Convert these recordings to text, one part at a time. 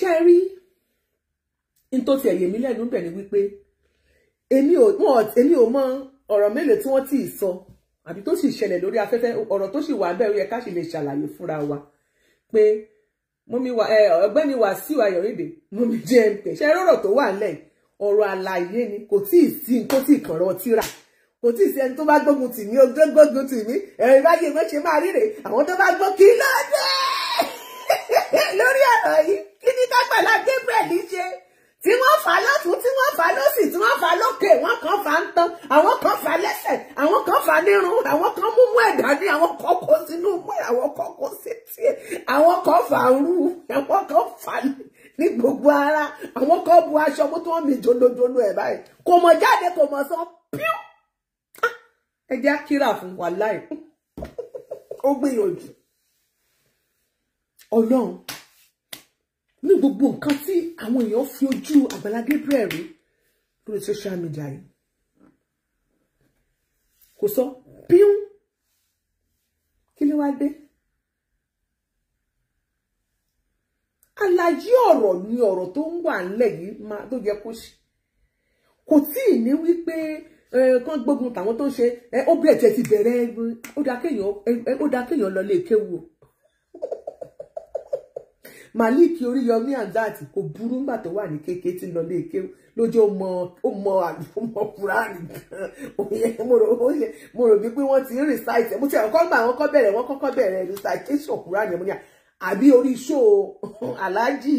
ṣé ẹ rí n tó ti ẹ̀yẹ mi lẹ́nu bẹ̀ ni wípé èmi ò èmi ò mọ ọ̀rọ̀ mélòó tí wọ́n ti sọ àbí tó sì ṣẹlẹ̀ lórí afẹ́fẹ́ ọ̀rọ̀ tó sì wà bẹ́ẹ̀ ó yẹ ká sì lè ṣàlàyé fúnra wa pé mọ́mí wa ọ̀gbẹ́ni Wàsíù Ayọ̀rẹ́dè mọ́mí JMK ṣe rọ̀rọ̀ to wà nílẹ̀ ọ̀rọ̀ àlàyé ni kò tí ì sí kó tí koro kọ̀rọ̀ tíra kò tí ì sí ẹni tó bá gbógun tì mí ó gbógun tì mí ẹ̀rọ ìbáyé mọ́ ṣe máa ríre àwọn tó bá gbọ́ kí lọ́dún lórí ọ̀rọ̀ yìí kí ni kágbàlá Gabriel ṣe tí wọ́n fà lọ́tún tí wọ́n fà lọ́sì tí wọ́n fà lókè wọ́n kàn fà ń tan àwọn kan fà lẹ́sẹ̀ àwọn kan fà nírun àwọn kan mú mú ẹ̀dá ní àwọn kan kó sínú mú àwọn kan kó sí tiẹ̀ àwọn kan fà rú àwọn kan fà ní gbogbo ara àwọn kan bu aṣọ mú tí wọ́n mi jolojolo ẹ̀ báyìí kò mọ̀ jáde kò mọ̀ sọ píú ah! ẹ jẹ́ kíra fún wàláì ó gbìyànjú ọlọ́run ní gbogbo nǹkan tí àwọn èèyàn fi ojú Àgbàlá Gabriel rí lórí social media yìí kò sọ píún kí ló wá dé àlàyé ọ̀rọ̀ ni ọ̀rọ̀ tó ń wà nílẹ̀ yìí máa tó yẹ kó ṣe kò tí ì ní wípé kán gbógun tàwọn tó ń ṣe ó bẹ̀rẹ̀ tiẹ̀ ti bẹ̀rẹ̀ ó dá kéèyàn lọ lé kéwu o Malik Oríyọmí Hamzat kò burú ńgbà tó wà ní kékeré tí lọ léèké lójú ọmọ ọmọ ọmọ kúránì gan mo rò bí pé wọ́n ti ń recite mo ti àwọn kọ́ gbà wọ́n kọ́ bẹ̀rẹ̀ wọ́n kọ́kọ́ bẹ̀rẹ̀ recitation kúránì mo ní à àbí orí iṣó aláàjì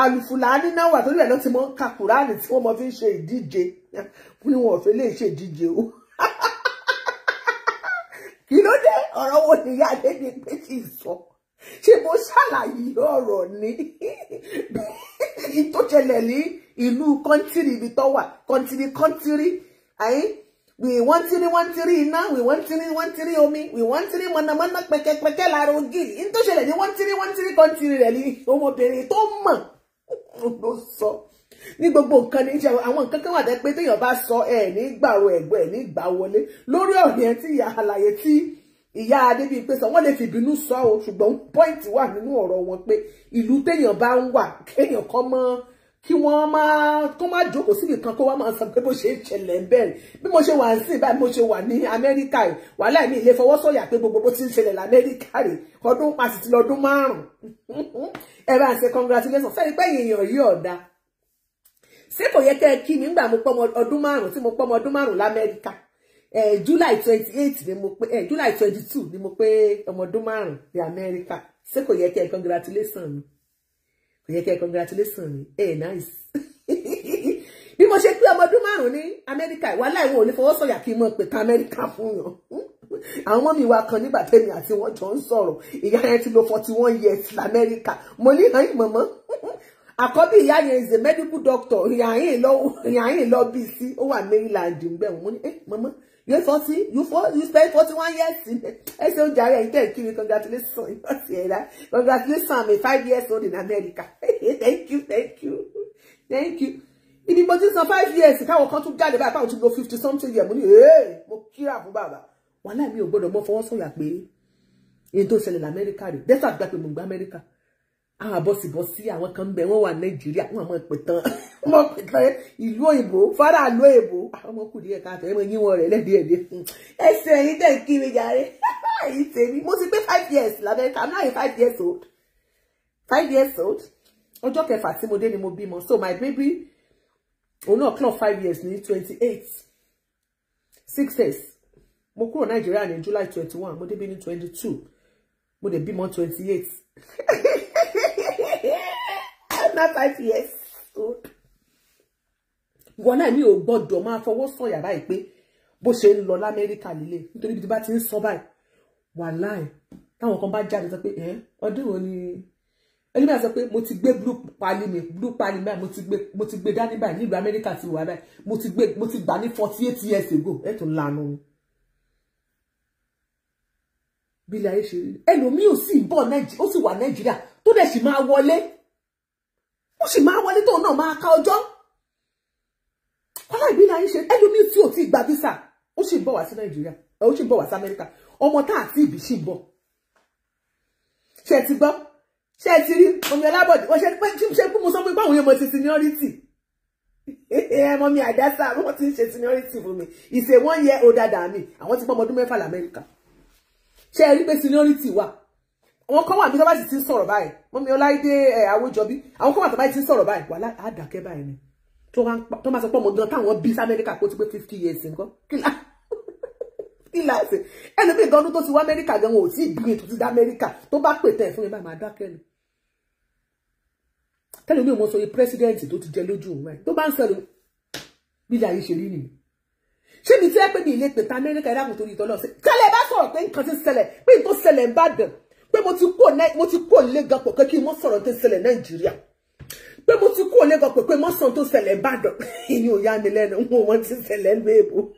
alùfùlàní náà wà torí ẹ̀ ló ti mọ́ ka kúránì tí wọ́n mọ fi ń ṣe ìdíje wọ́n ní wọn ò fẹ́ lè ṣe ìdíje o kí ló dé ọ̀rọ̀ wo nìyá lé ní pé kì í sọ ṣé mo ṣàlàyé ọ̀rọ̀ ni tó ṣẹlẹ̀ ní ìlú kọ́ńtírì ibi tó wà kọ́ńtírì kọ́ńtírì ayé wì wọ́n tírí wọ́n tírí iná wì wọ́n tírí wọ́n tírí omi wì wọ́n tírí mọ̀nàmọ́ná pẹ̀kẹ́pẹ̀kẹ́ lára ògiri ní tó ṣẹlẹ̀ ní wọ́n tírí wọ́n tírí kọ́ńtírì rẹ̀ ní ọmọbìnrin tó mọ̀ ló sọ ní gbogbo nǹkan ní ìṣe àwọn nǹkan kan wà tẹ́ pé téèyàn bá sọ ẹ̀ ní gbàrò ẹ̀gbọ́n ẹ̀ ní gbà wọlé lórí ọ̀rẹ́ tí ìyá àlàyé tí ìyá Adébíyí pé sọ wọ́n lè fi ìbínú sọ o ṣùgbọ́n point wà nínú ọ̀rọ̀ wọn pé ìlú téèyàn bá ń wà kéèyàn kan mọ́ kí wọ́n máa kó má jókòó síbi kan kó wá máa sọ pé bó ṣe ń ṣẹlẹ̀ bẹ́ẹ̀ bí mo ṣe wà ń sìn báyìí mo ṣe wà ní Amẹ́ríkà rẹ̀ wàhálà mi ilé fọwọ́sọ̀yà pé gbogbo bó ti ń ṣẹlẹ̀ l'Amẹ́ríkà rẹ̀ ọdún pàṣẹ ti lọ́dún márùn-ún ẹ bá ń ṣe congratulation fẹ́ẹ́ pẹ́ èèyàn yìí ọ̀dà ṣé kò yẹ kẹ́ ẹ kí mi ńgbà mo pọ́ ọdún márùn-ún tí mo pọ́ ọdún márùn-ún l'Amẹ́ríkà july twenty eight ni mo pé july twenty two ni mo pé ọmọ ọdún márùn ní amẹ́ríkà ṣé kò yẹ kí ẹ congratulation mi kò yẹ kí ẹ congratulation mi ẹ eh, nice bí mo ṣe pé ọmọ ọdún márùn ní amẹ́ríkà ìwà láìwọ̀n ò ní fọwọ́ sọ̀yà kí n mọ̀ pé ká amẹ́ríkà fún yàn àwọn ọmọ mi wa kan nígbà tẹ́mi àti wọn jọ ń sọ̀rọ̀ ìyá yẹn ti lò forty one years America. mo ní hàn yín mọ̀mọ́ àkọ́bí ìyá yẹn is a medical doctor ìyàyìn lọ ìyàyìn lọ bí sí ó wà maryland ń gbẹ̀wọ̀n mo ní ẹ eh, mọ̀mọ́ you forty you for you spend forty one years in ẹ ṣe oúnjẹ ààrẹ yìí tẹ̀ kí mi congratulations yóò ti ẹ̀ congratulations i'm me five years old in America thank you thank you thank you ibi mo ti san five years if I káwọn kan tún jáde báyìí káwọn tún go fifty something years mo ní ee mo kíra fún bàbá wàhálà mi ò gbọdọ̀ mọ́ fọwọ́ sọ̀yà pé èyí tó ṣẹlẹ̀ lamẹ́ríkà rè dẹ́sà gbà pé mo gba Amẹ́ríkà àwọn ah, àbọ̀sibọ̀sí àwọn kan ń bẹ wọ́n wà nàìjíríà wọ́n àmọ́ pẹ̀tàn wọ́n pẹ̀tàn ìlú òyìnbó faraàlú òyìnbó àwọn ọkùnrin ẹ̀ka àtẹ̀wé yín wọn rẹ̀ lẹ́dẹ̀ẹ́dẹ́ ẹsẹ̀ ẹ̀yìn tẹ̀ kí mi jàre èyí tèmi mo ti gbé five years lamẹ́ríkà i'm now five years old five years old ọjọ́ kẹfà tí mo dé ni mo bímọ so my baby òun náà clock five years ní twenty eight six years mo kúrò nàìjíríà ní july twenty one mo débí ní twenty two mo dẹ̀ bímọ twenty eight not five years old. wọn náà mi ò gbọ́dọ̀ máa fọwọ́ sọ̀yà báyìí pé bó ṣe ń lọ lamẹ́ríkà líle nítorí ibi tí bá ti ń sọ báyìí wàláì táwọn kan bá jáde sọ pé ẹ ọdún wo ni ẹni bá sọ pé mo ti gbé blue pali mi blue pali mi mo ti gbé mo ti gbé dání báyìí nílùú amẹ́ríkà ti wà báyìí mo ti gbé mo ti gbà ní forty eight years ago ẹ tún lanu bílẹ̀ ayé ṣe rí ẹlòmíì ò sì bọ̀ ó sì wà nàìjíríà tó dẹ̀ sì máa wọlé ó sì máa wọlé tóun náà máa ka ọjọ́ kọ́lá ìgbéyà yín ṣe ẹlòmíì tí ò ti gba visa ó sì bọ̀ wá sí nàìjíríà ó sì bọ̀ wá sí amẹ́ríkà ọmọ tá àti ìbí sì bọ̀ ṣe ti gbọ́ ṣe ti rí omi ọlábọ̀dé wọ́n ṣe pé ṣe pé mo sọ pé báwọn yẹn mo ti seniority ẹmọ mi àdásá wọ́n ti ń ṣe seniority fún mi ìṣe wọ́n yẹ ó dáadáa mi àwọn ti pọ́ ọmọ ọdún mẹ́fà lamẹ́ríkà ṣe rí pé seniority wà àwọn kan wà bí tọ́ba sì ti ń sọ̀rọ̀ báyìí wọ́n mi ọláìdé àwòjọbí àwọn kan wà tọ́ba ti ń sọ̀rọ̀ báyìí wà ládàkẹ́ báyìí ni tó máa sọ pé ọmọ gan táwọn bí sí amẹ́ríkà kó ti pé fifty years nǹkan kílá kílá ṣe ẹlòmí gan ọdún tó ti wá amẹ́ríkà gan wọn ò tí ì bí ètò ti dá amẹ́ríkà tó bá pè tẹ́ ẹ̀ fún mi báyìí máa dákẹ́ ni tẹ́lẹ̀ mi ò mọ sọ yẹ president tó ti jẹ lójú òun ẹ̀ tó bá ń sọ lóun bí ilé ayé ṣe rí nìyí ṣé mi ti ẹ pé mi ilé pè ta amẹ́ríkà ẹ̀rọ àgùntàn ìtọ́lọ́sẹ̀ tẹ́lẹ̀ bá sọ̀rọ̀ pé nǹkan ti ṣẹlẹ̀ pé nǹkan ṣẹlẹ̀ ń pé mo ti kúrò mo gan pọ̀ pé kí n mọ́ sọ̀rọ̀ tó ṣẹlẹ̀ nàìjíríà pé mo ti kúrò nílé gan pọ̀ pé mọ́ sọ̀rọ̀ tó ṣẹlẹ̀ ìbàdàn ìyẹn ò yá mi lẹ́nu mo wọ́n ti ṣẹlẹ̀ ń léèbó.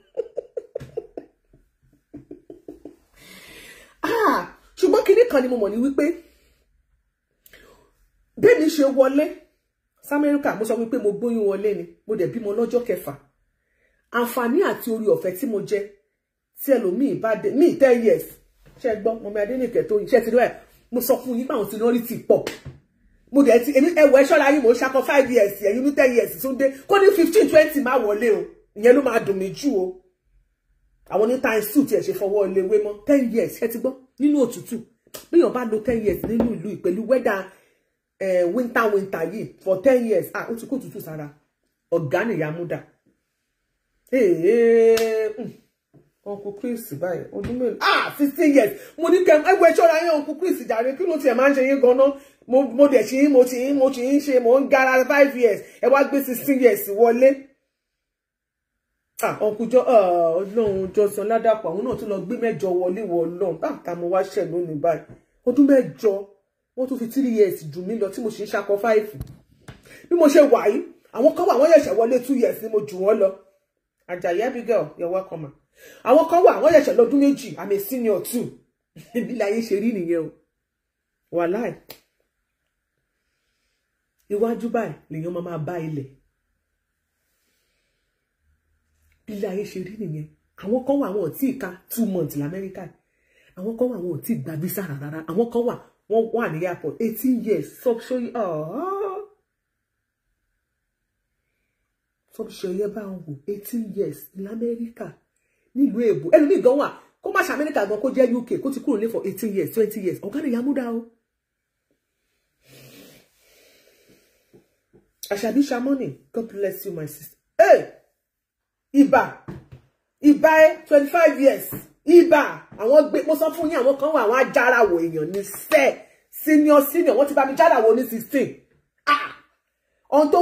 Ah, ṣùgbọ́n kinní kan ni mo mọ̀ ní wípé bẹ́ẹ̀ ṣe wọlé samẹ́ríkà mo sọ wípé mo gbóyún wọlé ni mo dẹ̀ bímọ lọ́jọ́ kẹfà àǹfààní àti orí ọ̀fẹ́ tí mo jẹ tí ẹlòmíì bá dé ní ten years ṣe gbọ́ Mọ́mì Adénìkẹ́ tó yìí ṣe ti rí ẹ̀ mo sọ fún yín pé àwọn ti lórí ti pọ̀ mo dẹ̀ ti èmi ẹwọ ẹṣọ́ láyé mo ṣakọ five years ẹ̀yin ní ten years tó ń dé kó ní fifteen twenty máa wọlé o ìyẹn ló máa dùn mí jù o àwọn ní time two tiẹ̀ ṣe fọwọ́ ilé wé mọ́ ten years ẹ ti gbọ́ nínú òtútù bíyàn bá lo ten years nínú ìlú pẹ̀lú wẹ́dà winter winter yìí for ten years ah ó ti kó òtútù sára ọ̀gá nìyá múdà. Hey, hmm uncle chris báyìí ọdún ah fifteen years mo ní kẹm ẹgbẹ ṣọ́ra yẹn uncle chris jàre kí ló tiẹ̀ máa ń ṣe yín ganan mo dẹ̀ ṣe mo chi mo chi. She, ṣe mo ń gara five years ẹ wá gbé sixteen years Wole. ah uncle jọ ah, ọlọ́run Johnson ládàpọ̀ àwọn náà tún lọ gbé mẹ́jọ wọlé wọ ọlọ́run báàkà ah, mo wá ṣẹ̀ lónìí báyìí ọdún mẹ́jọ wọ́n tún fi three years jù mí lọ tí mo sì ń ṣakọ five bí mo ṣe wà yìí àwọn kan wà wọ́n yẹ̀ṣẹ̀ wole two years ni mo jù wọ́n lọ Ajayi Abigail you're welcome àwọn kan wà wọ́n ṣẹ̀ṣẹ̀ lọ́dún méjì àmì senior two ibi láyé ṣe rí nìyẹn o wàláì iwájú báyìí lèèyàn máa máa bá ilẹ̀ ilé ayé ṣe rí nìyẹn àwọn kan wà àwọn ò tí ì ka two months lamẹ́ríkà àwọn kan wà àwọn ò tí ì gba visa rárá àwọn kan wà wọ́n wà ní airport eighteen years sọ́bṣọ́yé sọ́bṣọ́yé bá wọn wò eighteen years lamẹ́ríkà nílùú èbó ẹlòmíì gan wà kó má ṣe amẹ́ríkà gan kó jẹ́ uk kó ti kúrò nílé for eighteen years twenty years ọ̀gá rẹ̀ yàmúdà o. àṣàbí ṣamọ́nì god bless you my sister. Hey! ibà ibà ẹ twenty five years ibà àwọn gbé mo sọ fún yín àwọn kan wà àwọn ajárawò èèyàn ní sẹ́ẹ̀ senior senior wọ́n ti bá mi járawò ní sixteen ah! àwọn tó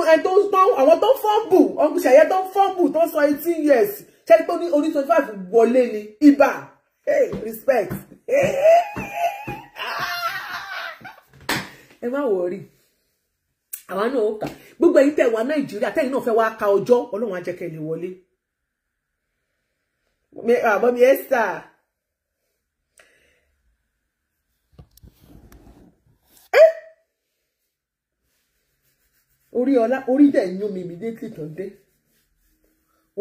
ń fọ́ọ̀bù ọkùnṣẹ̀yẹ tó ń fọ́ọ̀bù tó ń sọ eighteen years ṣẹ́ni pé ní oní twenty five wọlé ni ibà hey respect ẹ má wọrí àwa náà ó kà gbogbo ẹ̀yin tẹ́ wà nàìjíríà tẹ́yin náà fẹ́ wá ka ọjọ́ ọlọ́run á jẹ́ kẹ́ lè wọlé àbọ̀ mi ẹ̀ sà. Eh! orí ọlá orí dẹ̀ yún mi immediately tó dé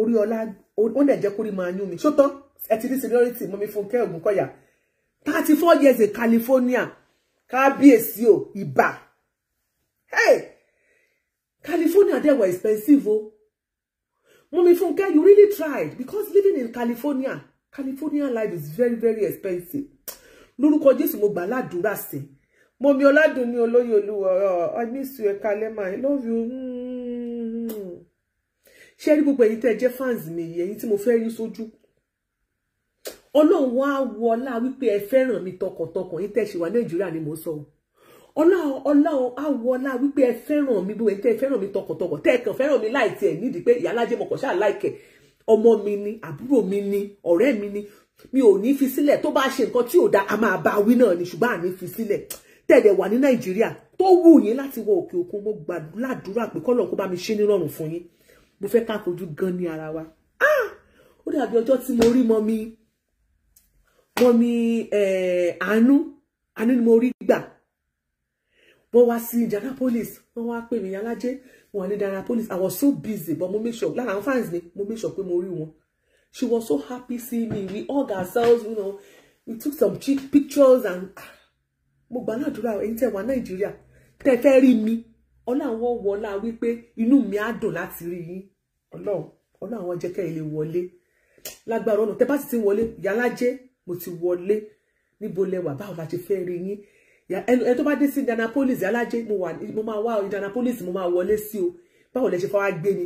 orí ọlá ó dẹ̀ jẹ́ kórìí máa yún mi ṣó tán ẹ ti ní seniority mọ́mí Fúnkẹ́ Ògúnkọ̀yà thirty four years in California kábíyèsí o ìbà hey California dẹ̀ were expensive o mọ́mí Fúnkẹ́ you really tried because living in California California life is very very expensive lórúkọ Jésù mo gbà ládùúrà sí mọ́mí ọládùn ní olóyè olúwa I miss you ẹ̀ka lẹ́mà I love you. Mm ṣé rí gbogbo ẹ̀yin tẹ́ jẹ́ fans mi ẹ̀yin tí mo fẹ́ rí sójú ọlọ́run wá wọ ọlá wípé ẹ fẹ́ràn mi tọkàntọkàn yín tẹ́ ṣe wà nàìjíríà ni mo sọ o ọlọ́run ọlọ́run á wọ ọlá wípé ẹ fẹ́ràn mi gbogbo ẹ̀yin tẹ́ fẹ́ràn mi tọkàntọkàn tẹ́ ẹ kàn fẹ́ràn mi láì tiẹ̀ nídìí pé ìyá alájẹ mọ̀kàn ṣáà láìkẹ̀ ọmọ mi ni àbúrò mi ni ọ̀rẹ́ mi ni mi ò ní fi sílẹ̀ tó bá ṣe nǹkan tí ò da a máa bá wí náà ni ṣùgbọ́n àní fi sílẹ̀ tẹ̀lẹ̀ wà ní nàìjíríà tó wù yín láti wọ òkè òkun mo gbàdúrà pé kọ́lọ́run kó bá mi ṣe nírọ̀rùn fún yín mo fẹ́ ká fojú gan ní ara wa ah! ó dàbí ọjọ́ tí mo rí mọ́ mi mọ́ mi eh, àánú àánú ni mo rí gbà wọ́n wá sí Indianapolis wọ́n wá pè mí alájẹ́ wọ́n wà ní Indianapolis I was so busy but mo make sure lára àwọn fans mi mo make sure pé mo rí wọn she was so happy seeing me we hug ourselves you know we took some cheap pictures and ah, mo gbà ládùúrà ẹ̀yin tẹ́ wà Nàìjíríà tẹ́ fẹ́ rí mi ọlọ́run àwọn wọlá wípé inú mi á dùn láti rí yín ọlọ́run ọlọ́run àwọn jẹ́ kẹ́yìn lè wọlé lágbára ọ̀nà tẹ́ bá sì ti wọlé yàlájẹ́ mo ti wọlé níbo lẹwà báwo la ti fẹ́ rí yín ẹ tó bá dé sí Indianapolis yàlájẹ́ mo máa wá Indianapolis mo máa wọlé sí o báwo lẹ ṣe fọwọ́ gbé ni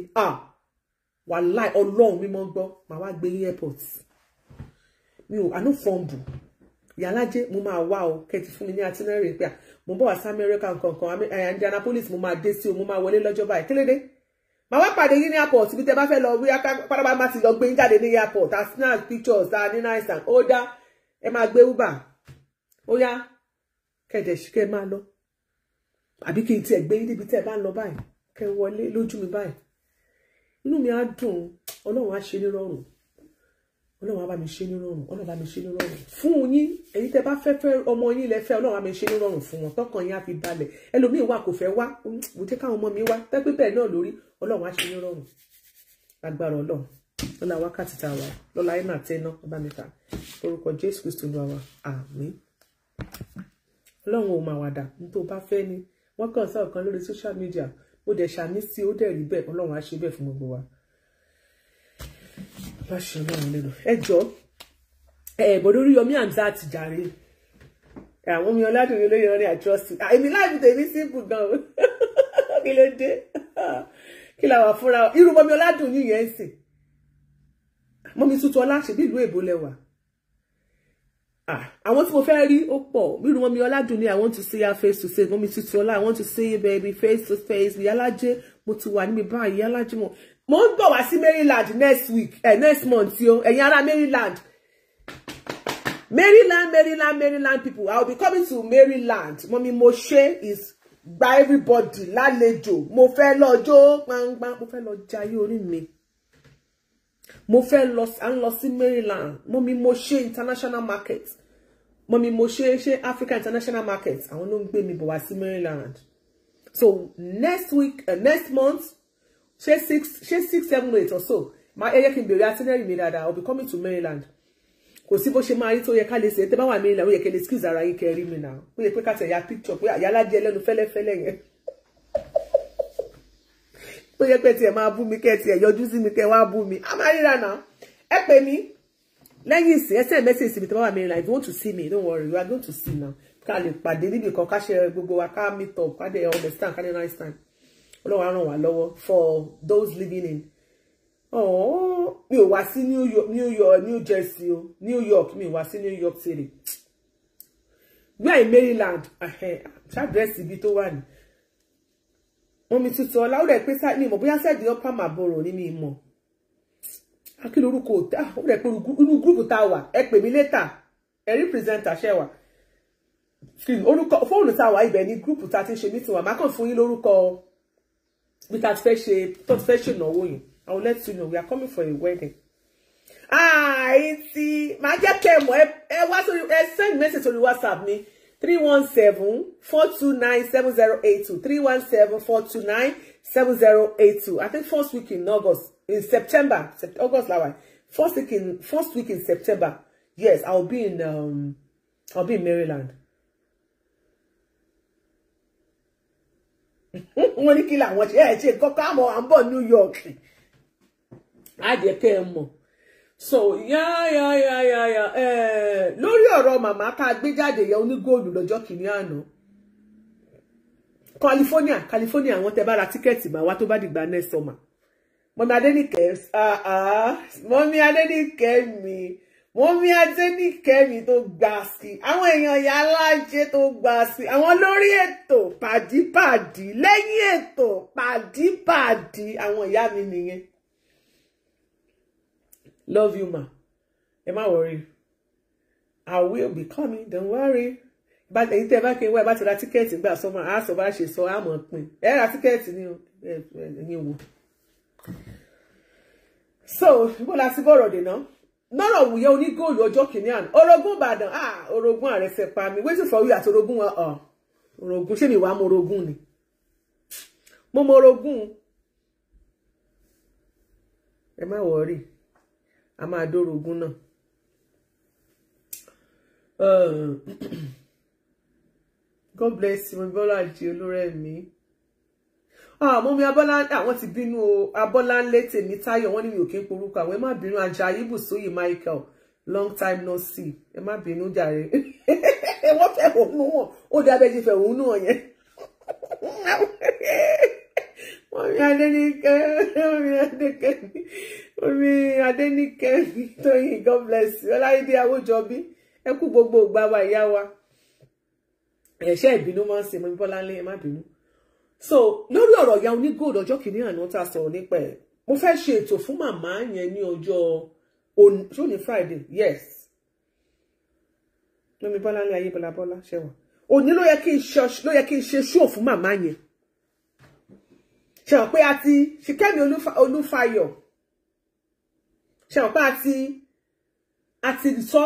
wàláì ọlọ́run mímọ́ gbọ́ màá wá gbé yín airport mi ò àánú fọ́ǹbù ìyálájẹ mo máa wá o kẹtì fún mi ní atinẹrì pé mo bọ̀ wá sí amẹ́ríkà nǹkan eh, Indianapolis mo máa dé sí o mo máa wọlé lọjọ báyìí kílódé màá wá pàdé yín ní airport bí tẹ bá fẹ́ lọ wí pátápátá má ti lọ gbé njade jáde ní airport as snap pictures ní nice and ẹ máa gbé uber ó yá lọ àbí kí n gbé lọ báyìí wọlé mi báyìí inú mi á dùn á ọlọ́run á bá mi ṣe ní rọrùn ọlọ́run á bá mi ṣe ní rọrùn fún yín ẹ̀yin tẹ́ bá fẹ́ fẹ́ ọmọ yín lẹ fẹ́ ọlọ́run á mi ṣe ní rọrùn fún wọn tọkàn yín á fi balẹ̀ ẹlòmíín wà kò fẹ́ wá mo jẹ́ káwọn ọmọ mi wá tẹ́pẹ́ bẹ́ẹ̀ náà lórí ọlọ́run á ṣe ní rọrùn agbára ọlọ́run lọ́la wákàtí tá a wà lọ́la ẹ̀ máa tẹ́ná ọba mi ta orúkọ jésù kristu ló wà àmín ọlọ́run ò máa wàdà ní tó bá fẹ́ ni wọ́n kàn sọ̀kan lórí social media ó dẹ̀ ṣàmì sí ó dẹ̀ rí bẹ́ẹ̀ ọlọ́run á ṣe bẹ́ẹ̀ fún gbogbo wa láṣẹ Ọlọ́run lẹ́nu ẹ jọ ẹ bọ lórí Yomi Hamzat jàre àwọn omi ọládùn olóyè wọn ni I trust you èmi láìpẹ tèmi simple gan o kí ló dé kí la wà fúnra irú mọmi ọládùn yìí yẹn ń sìn mọmi tuntun ọlá ṣe bí ìlú èbó lẹwà àwọn tí mo fẹ́ rí ó pọ̀ irú mọmi ọládùn ni I want to see her face to face mọmi tuntun ọlá I want to see you baby face to face ìyálájẹ mo ti wà níbi báyìí ìyálájẹ mo mo ń bọ̀ wá sí Maryland next week eh, next month yo Eh, ará Maryland Maryland Maryland Maryland people I will be coming to Maryland mọ́mí mo ṣe is gba everybody lálejò mo fẹ́ lọ jó gbangban mo fẹ́ lọ jayé orí mi mo fẹ́ lọ à ń lọ sí Maryland mọ́mí mo ṣe international market mọ́mí mo ṣe ṣe Africa international market àwọn ló ń gbé mi bọ̀ wá sí Maryland so next week uh, next month ṣé six ṣé six seven eight or so máa ẹ yẹ kí n bèrè itinerary mi dáadáa I'll be coming to Maryland kò sí bó ṣe máa rí tó yẹ ká lè ṣe tẹ bá wà Maryland ó yẹ kí n excuse ara yín kẹrí mi náà ó yẹ pé ká tẹ̀yà picture pé àyálà jẹ lẹ́nu fẹ́lẹ́fẹ́lẹ́ yẹn ó yẹ pé tiẹ̀ máa bú mi kẹ́ tiẹ̀ yọjú sí mi kẹ́ wá bú mi a máa ríra náà ẹ pè mí lẹ́yìn ìsìn ẹ send message sí mi tó bá wà mí like if you want to see me don't worry you are going to see now ká lè pàdé níbì kan ká ṣe gbogbo wa ká meet up ká dé understand ká ní nice time ọlọ́run á ràn wá lọ́wọ́ for those living in mi ò wá sí new york new york new jersey o new york mi ò wá sí new york city we are in maryland ṣàdírẹ́sì ibi tó wà ní wọn mi tuntun ọlá ó rẹ̀ pé sáà ní ìmọ̀ bóyá sẹ́ẹ̀dì upper maboro ní mi mọ̀ akílò orúkọ òtá ó rẹ̀ pé inú gúrùpù tá a wà ẹ pè mí létà ẹ rí pírẹsẹ̀ntà ṣẹ̀ wà orúkọ fóònù tá a wà ibẹ̀ ní gúrùpù tá a ti ń ṣe mítìwà má kàn fún yín lórúkọ We tá ti fẹ́ ṣe tó ti fẹ́ ṣe I will let you know we are coming for a wedding. Ah, ti màá jẹ́ came. ẹ mọ̀ ẹ send message sórí WhatsApp me. three one seven four two nine seven zero eight two three one seven four two nine seven zero eight two I think first week in August in September Sept August lawa first week in first week in September yes I will be in um, I will be in Maryland wọ́n ní kí làwọn ṣe ẹ̀ ṣe kọ́kọ́ àmọ́ à ń bọ̀ New York àjẹkẹ́ ẹ so ya lórí ọ̀rọ̀ lori tá mama gbé jáde yẹn onígóòlù lọ́jọ́ kiri àná California kalifonia kalifonia tẹ bá tiketi tíkẹ́ẹ̀tì mà wá bá dìgbà next summer mọ́mí wọ́n mi Adéníkẹ́mi tó gba sí àwọn èèyàn ìyá alájẹ tó gba sí àwọn lórí ètò pàdípàdí lẹ́yìn ètò pàdípàdí àwọn ìyá mi nìyẹn love you ma ẹ má wọrí I will be coming don't worry èyí tẹ́ bá kí n wá ẹ bá ti ra tíkẹ́ẹ̀tì gbà sọ́mọ á sọ bá ṣe sọ á mọ̀ pin ẹ ra tíkẹ́ẹ̀tì ni ẹ ẹ ní wò so bó la ti bọ̀rọ̀ dènà lọ́rọ̀ òwúyẹ onígóòlù ọjọ́ kìíní àná orogún ìbàdàn ah orogún ààrẹ fẹ́ pa mi wéṣù fọwọ́ àti orogún wọn ọ̀ ah, orogún ṣé mi wàá mọ orogún ni mo mọ orogún ẹ má wọrí a máa dórogún náà. Eh, God bless you, Bola Aji Olúrẹ̀mí àmọ́ ah, mi abọ́láńlé àwọn ah, ti bínú o abọ́láńlé tèmi táyọ̀ wọ́n ní mi ò kí ń porúkọ àwọn ẹ má bínú ajayi bùsùyì michael long time no see ẹ má bínú jàre wọ́n fẹ́ òun wọn ó dábẹ́ ṣe fẹ́ òun náà yẹn omi adéníkẹ́ omi adéníkẹ́ omi adéníkẹ́ tóyìn god bless you ọláyédè awójọbí ẹ kú gbogbo ìgbà wa ìyá wa ẹ̀ṣẹ́ ìbínú máa ń ṣe mọ́ bọ́láńlé ẹ má bínú so lórí ọ̀rọ̀ ìyá onígold ọjọ́ kìíní àná tá a sọ̀rọ̀ nípa ẹ̀ mo fẹ́ ṣe ètò fún màmá yẹn ní ọjọ́ òní friday yes lómi bọ́lá ní ayé bọ́lá bọ́lá ṣẹ̀wọ̀n òní ló yẹ kí n ṣe ṣó fún màmá yẹn ṣẹ̀wọ̀n pé a ti ṣìkẹ́mi olúfayọ̀ ṣẹ̀wọ̀n pé a ti a ti sọ. So,